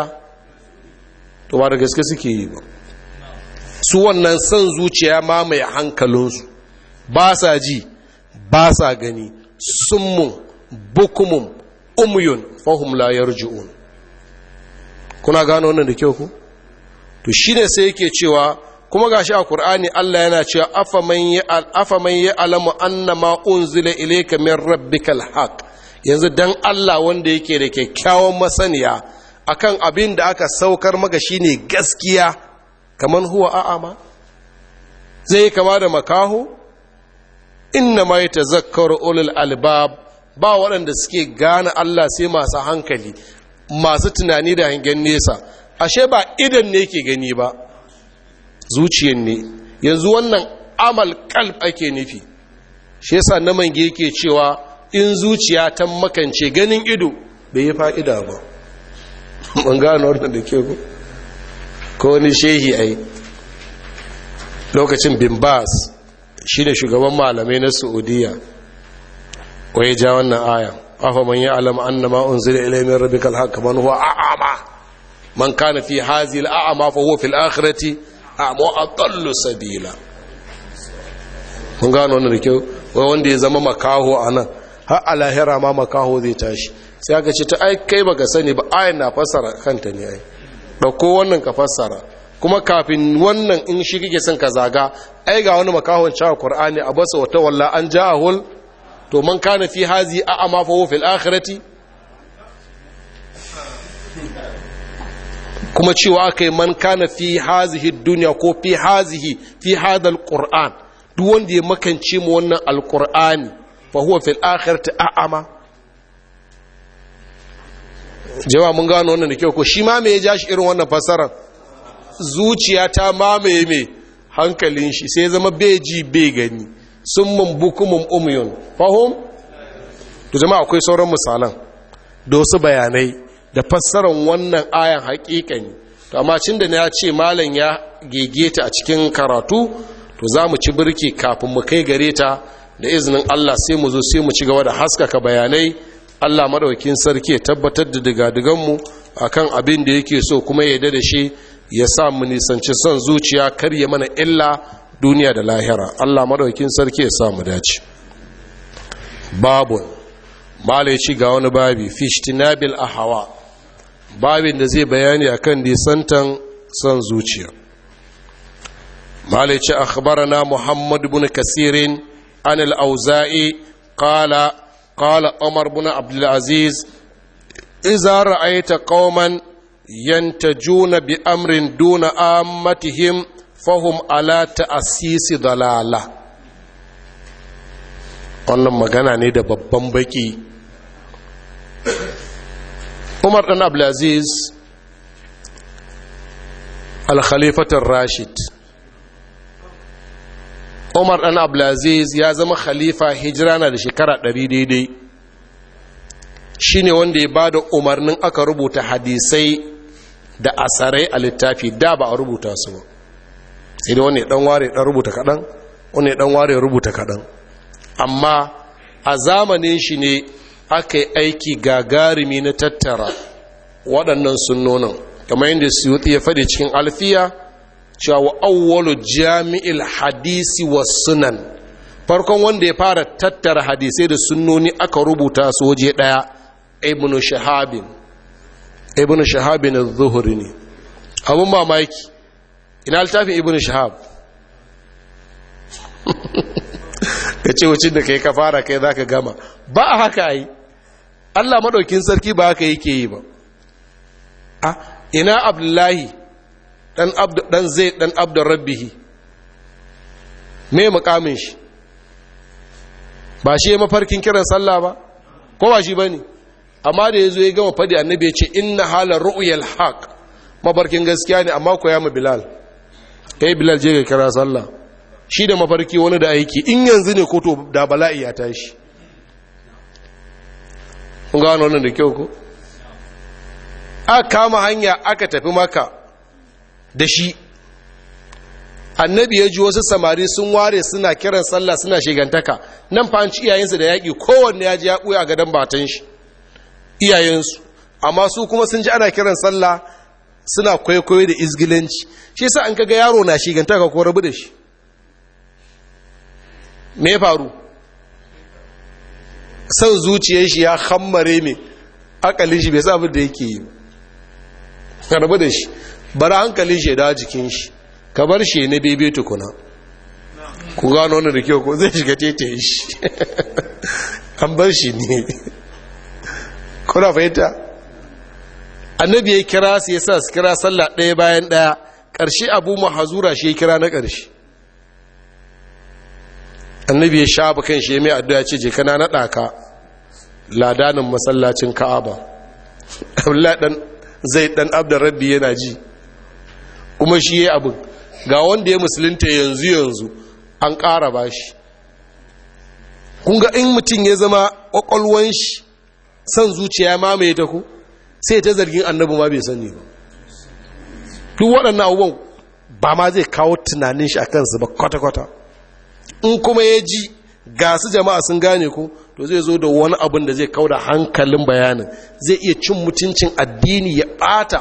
to ba da gaske suke yi ba su wannan son zuciya mamaye hankalinsu ba sa ji ba sa gani summun bukumun umuyun fahim la yarji'un kuna gano wannan da kyau ku to shine sai yake cewa kuma gashi a Qur'ani Allah yana cewa afaman ya afaman ya alamu annama unzila ilayka min rabbikal haqq yanzu dan Allah wanda yake da kyakkyawan masaniya akan abin da aka saukar maka shine gaskiya kaman huwa a'ama zai kama da makaho inna ma yatazakkaru ulul albab ba waɗanda suke gane Allah sai masu hankali masu tunani da hangen nesa ashe ba idan ne yake gani ba zuciyar ne yanzu wannan amal kalb ake nufi shi yasa na mange yake cewa in zuciya ta makance ganin ido bai yi fa'ida ba ban gano wannan da ke ku ko wani shehi ai lokacin bimbas shi da shugaban malamai na saudiya wa ya ja wannan aya afa man ya'lam anna ma unzila ilayhi min rabbikal haqq man huwa a'ama man kana fi hadhihi al'ama fa huwa fil akhirati a'ma adallu sabila mun gano wannan da kyau wai wanda ya zama makaho anan har a lahira ma makaho zai tashi sai aka ce ta ai kai baka sani ba ayan na fassara kanta ne ai dauko wannan ka fassara kuma kafin wannan in shi kike son ka zaga ai ga wani makahon cewa qur'ani a basa wata walla an ja'ahul to man kana fi hazi a amma fa fil akhirati kuma cewa akai man kana fi hazihi dunya ko fi hazihi fi hadal qur'an duk wanda ya makance mu wannan alqur'ani fa huwa fil akhirati a'ama jama'a mun gano wannan da kyau ko shi ma me ya ja shi irin wannan fasaran zuciya ta mamaye mai hankalin shi sai zama beji bai gani sun bukumin umyun fahim da zama akwai sauran misalan da wasu bayanai da fassarar wannan ayan hakikani to amma cin da na ce malam ya gege ta a cikin karatu to za mu ci birki kafin mu kai gare ta da izinin allah sai mu zo sai mu ci gaba da haskaka bayanai allah maɗaukin sarki ya tabbatar da diga-diganmu a kan abin da yake so kuma ya da shi ya sa mu nisanci son zuciya kar mana illa duniya da lahira Allah madaukin sarki ya sa mu dace babun malai ci ga wani babi fishtinabil ahawa babin da zai bayani a kan nisantan son zuciya malai ci akhbarana muhammad ibn kasirin an al-auza'i qala qala umar ibn abdul aziz idza ra'aita qauman yantajuna bi amrin duna ammatihim fahum ala ta'assisi dalala wannan magana ne da babban baki Umar dan Abdulaziz al-khalifatar Rashid Umar dan Abdulaziz ya zama khalifa hijira na da shekara 100 daidai shine wanda ya bada umarnin aka rubuta hadisai da asarai a littafi da ba a rubuta su ba sai da wani dan ware dan rubuta kaɗan wani dan ware rubuta kaɗan amma a zamanin shi ne aka yi aiki gagarumi na tattara waɗannan sunnonin kamar yadda suyuti ya faɗi cikin alfiya cewa wa awwalu jami'il hadisi wa sunan farkon wanda ya fara tattara hadisai da sunnoni aka rubuta su waje ɗaya ibnu shahabin ibn shahab ne zuhuri ne abun mamaki ina littafin ibn shahab ka ce wacin da ka yi ka fara kai za ka gama ba a haka yi allah maɗaukin sarki ba haka yake yi ba a ina abdullahi ɗan zai ɗan abdun rabbihi me mukamin shi ba shi mafarkin kiran sallah ba ko ba shi ba ne amma da ya zo ya gama fadi annabi ya ce inna hala ru'uyal haq mafarkin gaskiya ne amma ku ya mu bilal kai eh, bilal je ka kira sallah shi da mafarki wani da aiki in yanzu ne ko to da bala'i ya tashi kun gano wannan da kyau ko a kama hanya aka tafi maka da shi annabi ya ji wasu samari sun ware suna kiran sallah suna shigantaka nan fa an ci iyayensa da yaƙi kowanne ya ji ya ɓuya a gadon batan shi iyayensu amma su kuma sun ji ana kiran sallah suna kwaikwayo da izgilanci shi sa an kaga yaro na shi, ganta ka ko rabu da shi me faru son zuciyar shi ya hammare ne akalin shi bai sa da yake yi ka rabu da shi bari hankalin shi da jikin shi ka bar shi na bebe tukuna ku gano wani da kyau ko zai shiga tete shi an bar shi ne kuna fahimta annabi ya kira su ya sa su kira sallah ɗaya bayan ɗaya ƙarshe abu mahazura shi ya kira na ƙarshe annabi ya sha kan shi ya mai addu'a ce je kana naɗa ka ladanin masallacin ka'aba abdullahi dan zai dan abdan rabbi yana ji kuma shi ya abin ga wanda ya musulunta yanzu yanzu an ƙara ba shi kun ga in mutum ya zama ƙwaƙwalwan shi San zuciya mamaye ta ku sai ta zargin annabi ma bai sani ba duk waɗannan abubuwan ba ma zai kawo tunanin shi a kansu ba kwata-kwata in kuma ya ji ga su jama'a sun gane ku to zai zo da wani abin da zai kawo da hankalin bayanin zai iya cin mutuncin addini ya ɓata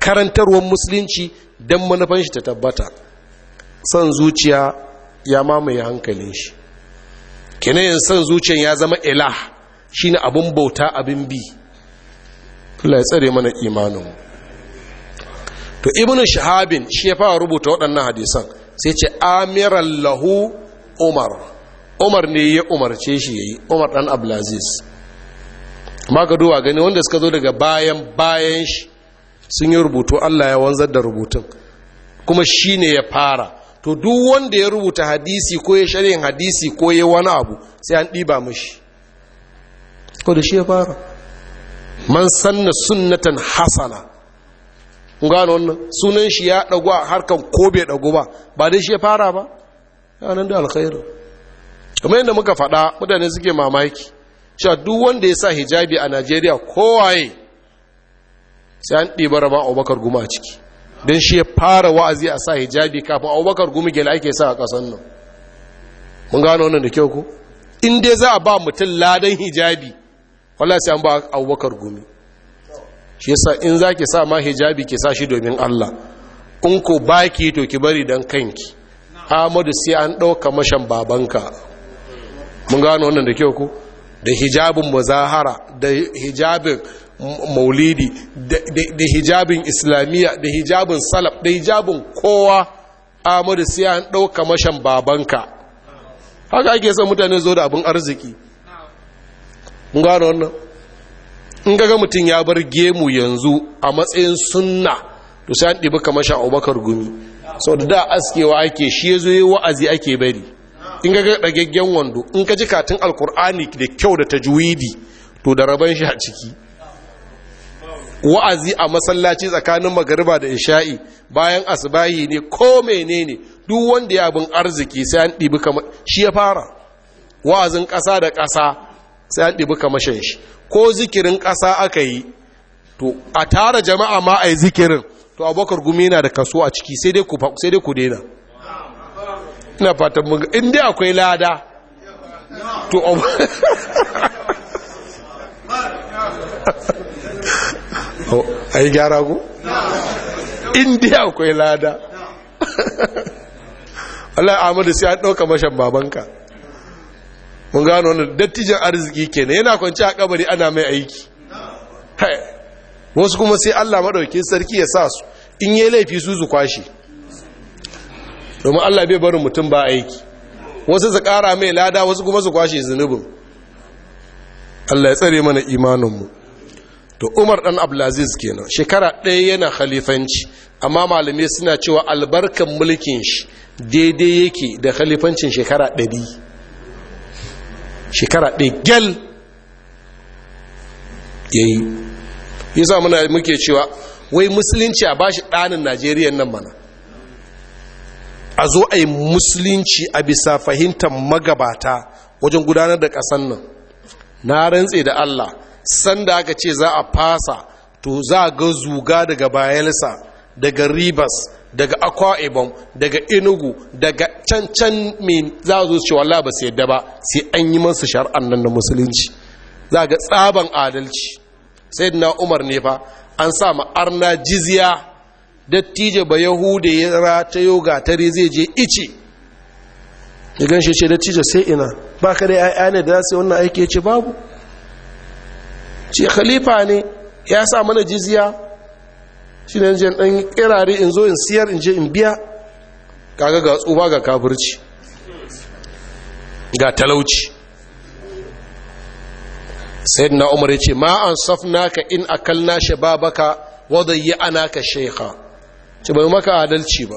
karantarwar musulunci don manufan shi ta tabbata San zuciya ya mamaye hankalin shi kenan yin san zuciyan ya zama ilah shine abin bauta abin bi Allah ya tsare mana imaninmu to Ibn shahabin shi ya fara rubuta waɗannan hadisan sai ce amiran lahu umar umar ne ya umarce shi ya yi. umar ɗan Ablaziz. amma ka duwa gani wanda suka zo daga bayan bayan shi sun yi rubutu Allah ya wanzar da rubutun kuma shi ne ya fara to duk wanda ya rubuta hadisi ko ya shari'in hadisi ko ya wani abu sai an ɗiba mashi ko da shi ya fara man sanna sunnatan hasana gano wannan sunan shi ya dagu a harkan ko bai ba ba dai shi ya fara ba nan da alkhairu kamar yadda muka faɗa mutane suke mamaki cewa duk wanda ya sa hijabi a najeriya kowaye sai an ɗiba rama abubakar guma a ciki don shi ya fara wa'azi a sa hijabi kafin abubakar gumi gela ake sa a ƙasan nan mun gano wannan da kyau ko in dai za a ba mutum ladan hijabi wallahi sai an ba abubakar gumi shi yasa in zaki sa ma hijabi ki sa shi domin allah in ko baki to ki bari don kanki amadu sai an ɗauka mashan babanka mun gano wannan da kyau ku da hijabin muzahara da hijabin maulidi da hijabin islamiyya da hijabin salaf da hijabin kowa amadu sai an ɗauka mashan babanka haka ake son mutane zo da abin arziki mun gano wannan in ga mutum ya bar gemu yanzu a matsayin sunna to sai an ɗibi kamar sha abubakar gumi sau da da askewa ake shi ya zo yi wa'azi ake bari in ga ɗagaggen wando in ka ji katin alkur'ani da kyau da tajwidi to da raban shi a ciki wa'azi a masallaci tsakanin magariba da isha'i bayan asibahi ne ko menene duk wanda ya bin arziki sai an ɗibi kamar shi ya fara wa'azin ƙasa da ƙasa sai an ɗibi kamashin shi ko zikirin ƙasa aka yi to a tara jama'a ma a yi zikirin to abokar gumi yana da kaso a ciki sai dai ku daina ina fatan mun in dai akwai lada to oh, a yi gyara ku in dai akwai lada Allah Ahmadu sai an ɗauka mashan babanka mun gano wani dattijan arziki kenan yana kwanci a kabari ana mai aiki wasu kuma sai Allah maɗauki sarki ya sa su in yi laifi su su kwashe domin Allah bai barin mutum ba aiki wasu su kara mai lada wasu kuma su kwashe zunubin Allah ya tsare mana imaninmu to Umar dan Abdulaziz kenan shekara ɗaya yana khalifanci amma malamai suna cewa albarkan mulkin shi daidai yake da khalifancin shekara ɗari shekara ɗaya gel ya yi yasa muna muke cewa wai musulunci a bashi ɗanin najeriya nan mana a zo a yi musulunci a bisa fahimtar magabata wajen gudanar da ƙasan nan na rantse da allah sanda aka ce za a fasa to za a ga zuga daga bayansa daga ribas daga akwa ibom daga inugu daga cancan can mai za su ce walla ba su yadda ba sai an yi masu shari'an nan da musulunci za ga tsaban adalci sai na umar ne fa an sa ma'arna jiziya dattijo ba yahuda ya rata yoga tare zai je ice ya gan shi ce dattijo sai ina ba ka dai ya'ya ne da za su yi wannan aiki ya ce babu ce khalifa ne ya sa mana jiziya shi ne jan ɗan ƙirare in zo in siyar in je in biya kaga ga tsuba ga kafirci ga talauci sai na umar ya ce ma an safna ka in nashe babaka wadda yi ana ka shekha ce bai maka adalci ba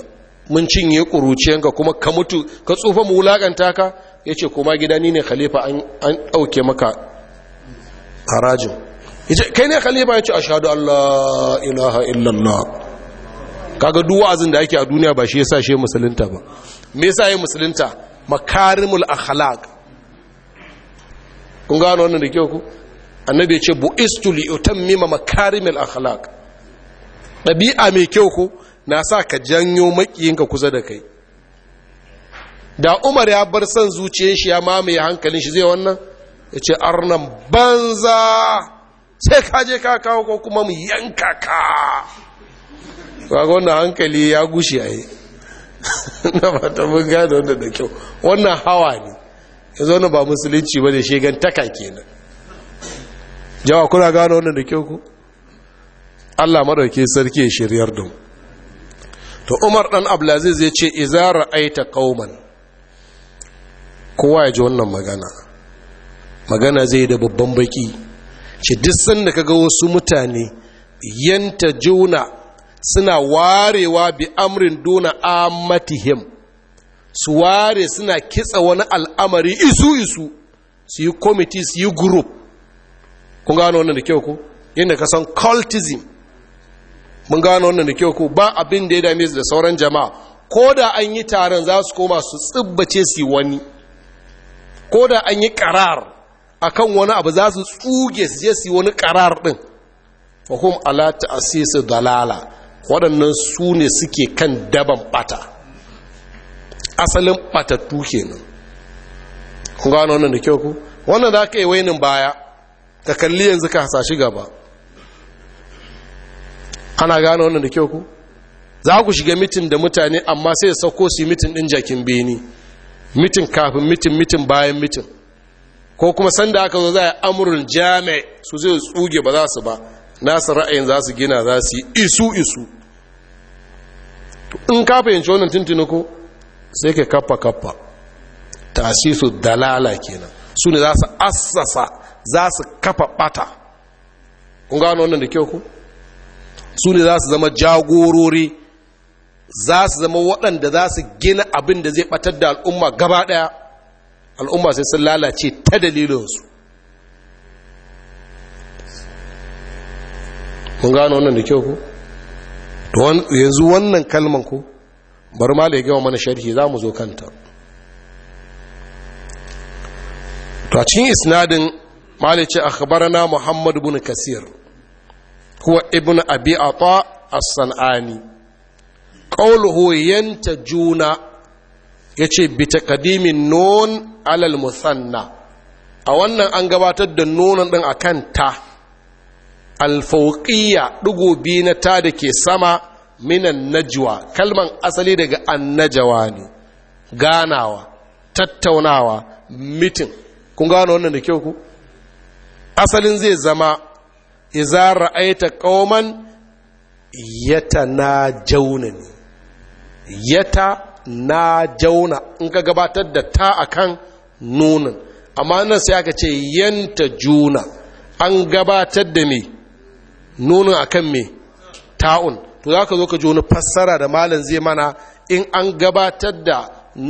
mun cinye ƙuruciyanka kuma ka mutu ka tsufa mu wulaƙanta ka ya ce kuma gida ni ne khalifa an ɗauke maka harajin yace kai ne khalifa ce ashhadu allah ilaha illallah kaga duk wa'azin da ake a duniya ba shi ya sa shi musulunta ba me sa yi musulunta makarimul akhlaq kun gano wannan da kyau ku annabi ya yace bu'istu li utammima makarimul akhlaq dabi'a mai kyau ku na sa ka janyo makiyinka kusa da kai da umar ya bar san zuciyar shi ya mamaye hankalin shi zai wannan ya ce arnan banza sai ka je ka kawo ko kuma mu yanka ka ga wannan hankali ya gushi a yi na fata mun gada wanda da kyau wannan hawa ne Ya wani ba musulunci ba da shegan taka kenan jawa kuna gano wannan da kyau ku allah maɗauki sarki shiryar don to umar ɗan ablaziz ya ce izara aita kauman kowa ya ji wannan magana magana zai da babban baki ce duk sanda kaga wasu mutane yanta juna suna warewa bi amrin duna amatihim su ware suna kitsa wani al'amari isu isu su yi komiti, su yi group kun gano wannan da kyau ko yadda ka san cultism mun gano wannan da kyau ko ba abin da ya dame su da sauran jama'a ko da an yi taron za su koma su tsibbace su wani ko da an yi karar akan wani abu za su tsuge su je su wani karar din fahim ala ta'asisi dalala waɗannan su ne suke kan daban ɓata. asalin tuke nan. kun gano wannan da kyau ku wannan da aka yi wainin baya ka kalli yanzu ka hasashi gaba ana gano wannan da kyau ku za ku shiga mitin da mutane amma sai sauko su yi mitin ɗin jakin beni mitin kafin mitin mitin bayan mitin ko kuma sanda aka zo za a yi amurin jami su zai tsuge ba za su ba nasu ra'ayin za su gina za su yi isu isu in ka fahimci wannan tuntuni ko sai ka kafa kafa tasisu dalala kenan su ne za su assasa za su kafa bata kun gano wannan da kyau ko su ne za su zama jagorori za su zama waɗanda za su gina abin da zai ɓatar da al'umma gaba ɗaya al'umma sai sun lalace ta dalilinsu mun gano wannan da kyau ku yanzu wannan kalman ku bari ma lege gama mana sharhi za mu zo kanta to a cikin isnadin malice na muhammad bin kasir Kuwa ibn abi ta a sanani qawluhu juna. ya ce bi nun alal musanna a wannan an gabatar da nunan ɗin a kan ta alfauƙiya ɗigo biyu na ta da ke sama minan najwa kalman asali daga annajawa ne ganawa tattaunawa mitin kun gano wannan da kyau ku asalin zai zama iza ra'aita yata na jaunani yata na jauna in ka gabatar da ta akan nunin amma nan sai aka ce yanta juna an gabatar da me nunin akan me ta'un to za ka zo ka juna fassara da malam zai mana in an gabatar da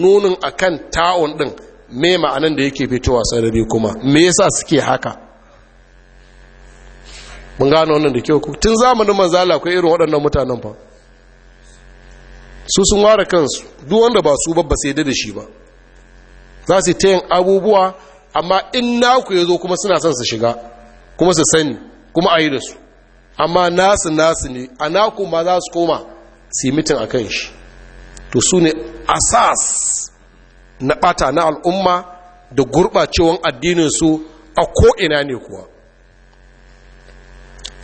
nunin akan ta'un din me ma'anan da yake fitowa sarari kuma me yasa suke haka mun gano wannan da kyau tun zamanin manzala akwai irin waɗannan mutanen fa su sun ware kansu duk wanda ba su ba sai da da shi ba za su ta yin abubuwa amma in naku ya zo kuma suna son su shiga kuma su sani kuma a yi da su amma nasu nasu ne a naku ma za su koma su yi mitin a kan shi to su ne asas na ɓata na al'umma da gurɓacewan addininsu a ko'ina ne kuwa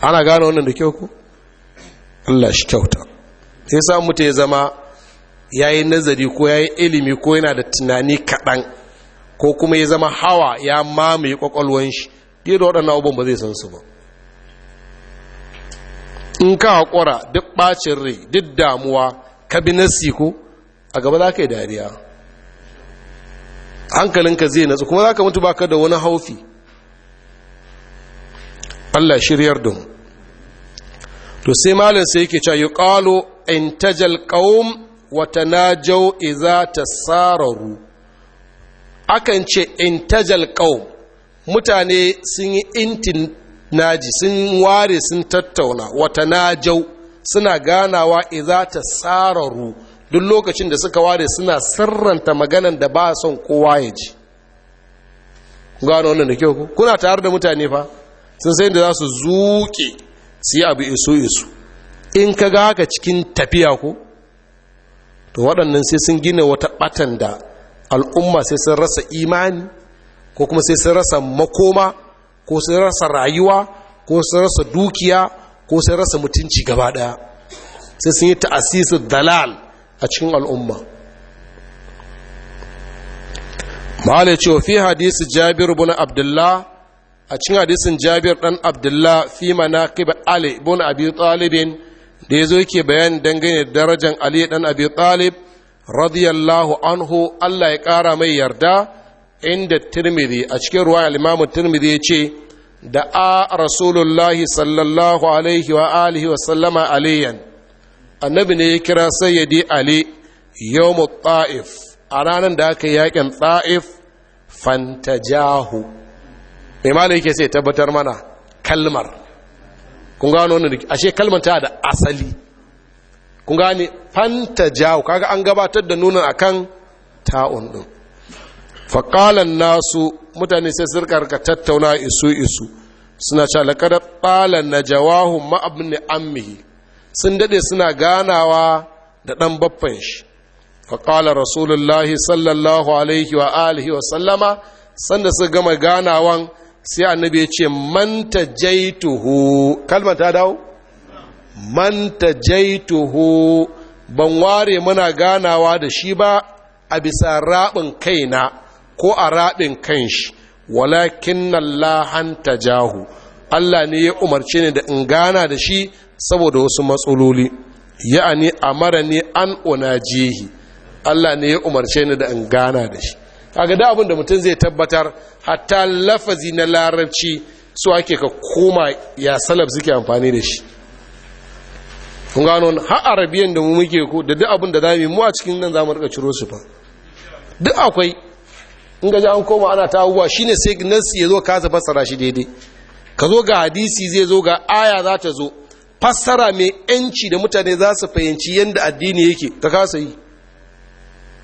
ana gane wannan da kyau ku? Allah shi kyauta sai sa mutu ya zama ya yi nazari ko ya yi ilimi ko yana da tunani kaɗan ko kuma ya zama hawa ya mamaye ƙwaƙwalwan shi da waɗannan abubuwan ba zai san su ba in ka haƙura duk ɓacin rai duk damuwa ka bi nasi ko a gaba za ka yi dariya hankalinka zai nasu kuma za ka mutu baka da wani haufi allah shiryar da mu to sai malin sai yake cewa yi ƙalo intajal qaum wa tanajaw idza tasararu akan ce intajal qaum mutane sun yi intin naji sun ware sun tattauna wa jau suna ganawa idza tasararu duk lokacin da suka ware suna sirranta maganan da ba son kowa ya ji gano wannan da kyau kuna tare da mutane fa sun sai da za su zuke su yi abu iso isu in ka ga haka cikin tafiya ko to waɗannan sai sun gina wata ɓatan da al'umma sai sun rasa imani ko kuma sai sun rasa makoma ko sun rasa rayuwa ko sun rasa dukiya ko sun rasa mutunci gaba ɗaya sai sun yi ta'asisu dalal a cikin al'umma mahala ce wa fi hadisi jabir bin abdullah a cikin hadisin jabir dan abdullah fi ba ali bin abi talibin da ya zo yake bayani dangane da darajan ali dan abi talib radiyallahu anhu allah ya ƙara mai yarda inda tirmidhi a cikin ruwa al-imamu tirmidhi ya ce da a rasulullahi sallallahu alaihi wa alihi wa sallama aliyan annabi ne ya kira sayyidi ali yawmu ta'if a ranar da aka yakin ta'if fantajahu imani yake sai tabbatar mana kalmar kun gano wannan ashe kalmar ta da asali kun gane jawo, kaga an gabatar da nunan akan ta'un din faƙalan nasu mutane sai sun karka tattauna isu isu suna ce da ɓalan na jawahun ma'abin ammihi sun dade suna ganawa da ɗan baffan shi faƙalar rasulullahi sallallahu alaihi wa alihi wa sallama sanda su gama ganawan sai annabi ya ce manta jaituhu kalmar ta dawo manta jaituhu ban ware muna ganawa da shi ba a bisa raɓin kaina ko a raɓin kanshi walakin lahan ta jahu Allah ne ya umarce ni da in gana da shi saboda wasu matsaloli ya'ani amara ni an unajihi Allah ne ya umarce ni da in gana da shi kaga da abin da mutum zai tabbatar hatta lafazi na larabci su ake ka koma ya salaf suke amfani da shi kun gano ha arabiyan da mu muke ko da duk abin da zamu mu a cikin nan zamu rika ciro su fa duk akwai in ga an koma ana ta abubuwa shine sai nasi ya zo ka za fassara shi daidai ka zo ga hadisi zai zo ga aya za ta zo fassara mai yanci da mutane za su fahimci yadda addini yake ka kasa yi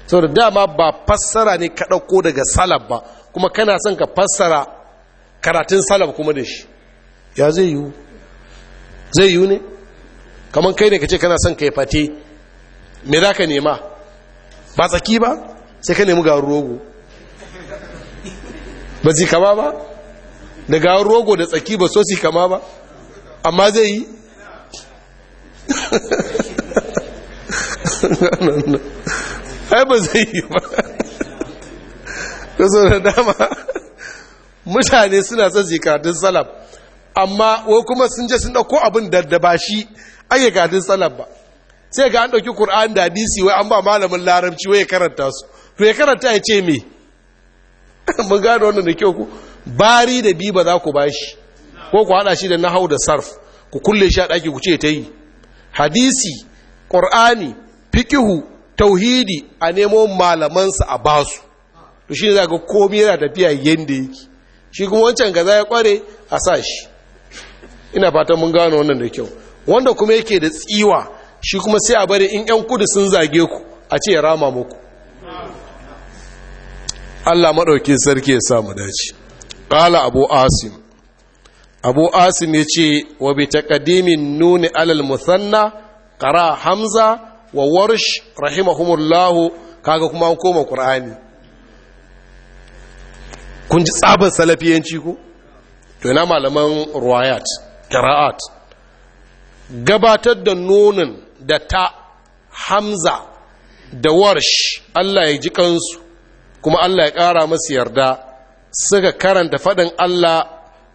sau da dama ba fassara ne ka ɗauko daga salab ba kuma kana son ka fassara karatun salab kuma da shi ya zai yiwu zai yiwu ne kamar kai ne ka ce kana son ka yi fate me za ka nema ba tsaki ba sai ka nemi garin rogo ba zai kama ba da garin rogo da tsaki ba so si kama ba amma zai yi ai ba zai yi ba da so da dama mutane suna son su karatun amma wai kuma sun je sun ɗauko abin da da ba shi an yi karatun salam ba sai ga an ɗauki Kur'an da hadisi wai an ba malamin larabci wai ya karanta su to ya karanta ya ce me mun gano wannan da kyau ku bari da bi ba za ku ba shi ko ku haɗa shi da nahau da sarf ku kulle shi a ɗaki ku ce ta yi hadisi ƙur'ani fikihu tauhidi a nemo malamansa a basu to shi ne za ga komi yana tafiya yadda yake shi kuma wancan gaza ya kware a sa shi ina fatan mun gano wannan da kyau wanda kuma yake da tsiwa shi kuma sai a bari in 'yan kudu sun zage ku a ce ya rama muku Allah maɗauki sarki ya samu dace ƙala abu asim abu asim ya ce wa bi taƙadimin nuni alal musanna ƙara hamza wa warsh rahimahumullahu kaga kuma an koma qur'ani kun ji tsabar salafiyanci ko to ina malaman ruwayat qira'at gabatar da nonin da ta hamza da warsh Allah ya ji kansu kuma Allah ya ƙara masu yarda suka karanta faɗin Allah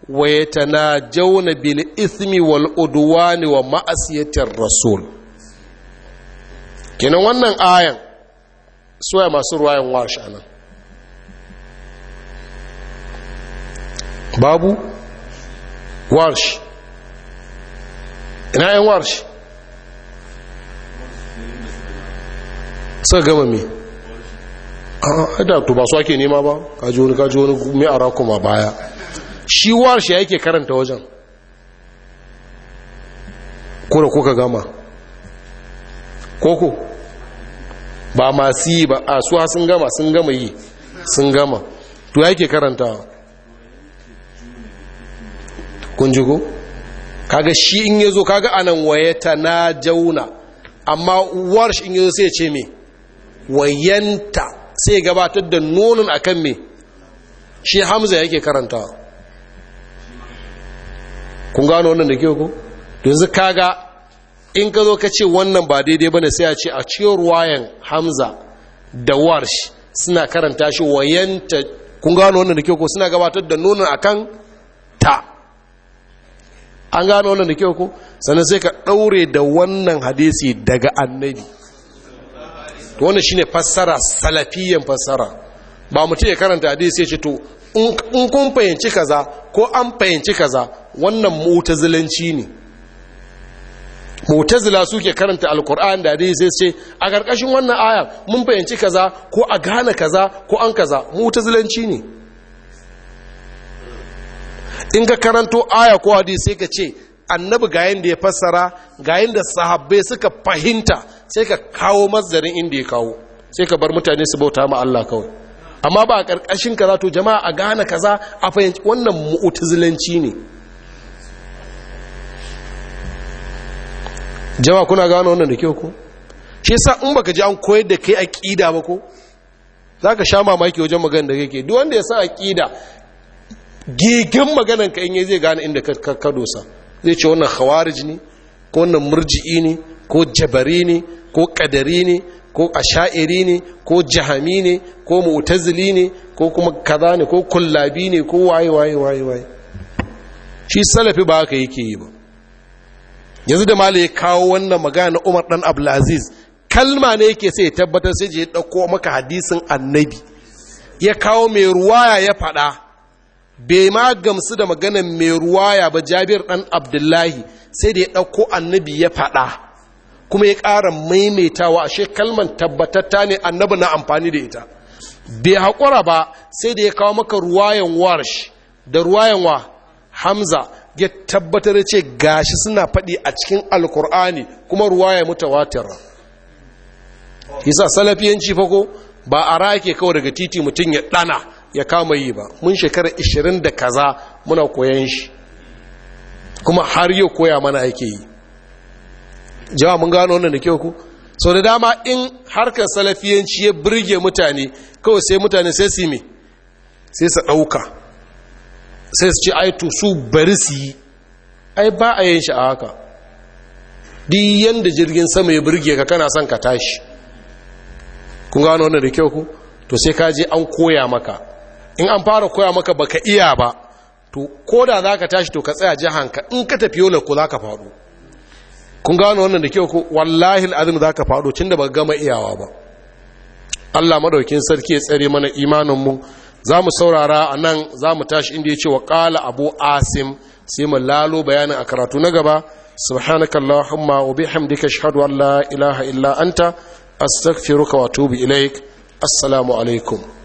wa ya jauna bil ithmi wal udwani wa ma'asiyatir rasul kenan wannan ayan suwaya masu ruwayan a nan babu warsh ina yan warsh suka gama me a da to ba su ake nema ba kaji wani kaji wani mai ara kuma baya shi warsh ya yake karanta wajen ko da kuka gama koko ba masu yi ba a suwa sun gama sun gama yi sun gama to yake karanta kun ji ko kaga shi in ya zo kaga anan wayata na jauna amma warsh in ya zo sai ce me wayanta sai gabatar da nonon akan me shi hamza yake karanta kun gano wannan da ke ku yanzu kaga in ka zo ka ce wannan ba daidai ne sai a ce a cikin ruwayan hamza da warsh suna karanta shi wayanta kun gano wannan da kyau ko suna gabatar da nunin akan ta an gano wannan da kyau ko sannan sai ka ɗaure da wannan hadisi daga annabi wannan shine fassara salafiyan fassara ba mutum ya karanta hadisi ya ce to in kun fahimci kaza ko an fahimci kaza wannan mutazilanci ne mutazila suke karanta alkur'an da dai sai ce a ƙarƙashin wannan aya mun fahimci kaza ko a gane kaza ko an kaza mutazilanci ne in ka karanto aya ko hadisi sai ka ce annabi ga yanda ya fassara ga yanda sahabbai suka fahimta sai ka kawo mazarin inda ya kawo sai ka bar mutane su bauta ma Allah kawai amma ba a ƙarƙashin kaza to jama'a a gane kaza a fahimci wannan mu'tazilanci ne jama'a kuna gano wannan da kyau ko shi yasa in baka ji an koyar da kai aqida ba ko zaka sha mamaki wajen magana da kake duk wanda ya san aqida gigin maganan ka in yayi zai gane inda ka ka zai ce wannan khawarij ne ko wannan murji'i ne ko jabari ne ko qadari ne ko asha'iri ne ko jahami ne ko mu'tazili ne ko kuma kaza ne ko kullabi ne ko waye waye waye waye shi salafi ba haka yake yi ba yanzu da ya kawo wannan magana na umar dan abdulaziz kalma ne yake sai ya tabbatar sai je dauko maka hadisin annabi ya kawo mai ruwaya ya faɗa bai ma gamsu da maganar mai ruwaya ba jabir dan abdullahi sai da ya dauko annabi ya faɗa kuma ya ƙara maimaitawa ashe kalman tabbatatta ne annabi na amfani da ita bai haƙura ba sai da ya kawo maka ruwayan warsh da ruwayan wa hamza ya tabbatar ya ce gashi suna faɗi a cikin alkur'ani kuma ruwa ruwaya mutawatira yasa salafiyanci fa ko ba a rake kawai daga titi mutum ya ɗana ya kama yi ba mun shekara 20 da kaza muna koyan shi kuma har yau koya mana ake yi jawa mun gano wannan da kyau ku sau da dama in harkar salafiyanci ya birge mutane kawai sai mutane sai su me sai su ɗauka sai su ce ai to su bari su yi ai ba a yin shi a haka duk yanda jirgin sama ya burge ka kana son ka tashi kun gano wannan da kyau ku to sai ka je an koya maka in an fara koya maka baka iya ba to ko da za ka tashi to ka tsaya jihanka in ka tafi yola ko za ka faɗo kun gano wannan da kyau ku wallahi al'azim za ka faɗo tun da ba gama iyawa ba Allah madaukin sarki ya tsare mana imanin mu. za mu saurara a nan za mu tashi inda ya ce wa ƙala abu asim sai mu lalo bayanin a karatu na gaba subhanakallahumma wa bihamdika ashhadu an la ilaha illa anta astaghfiruka wa atubu ilaik assalamu alaikum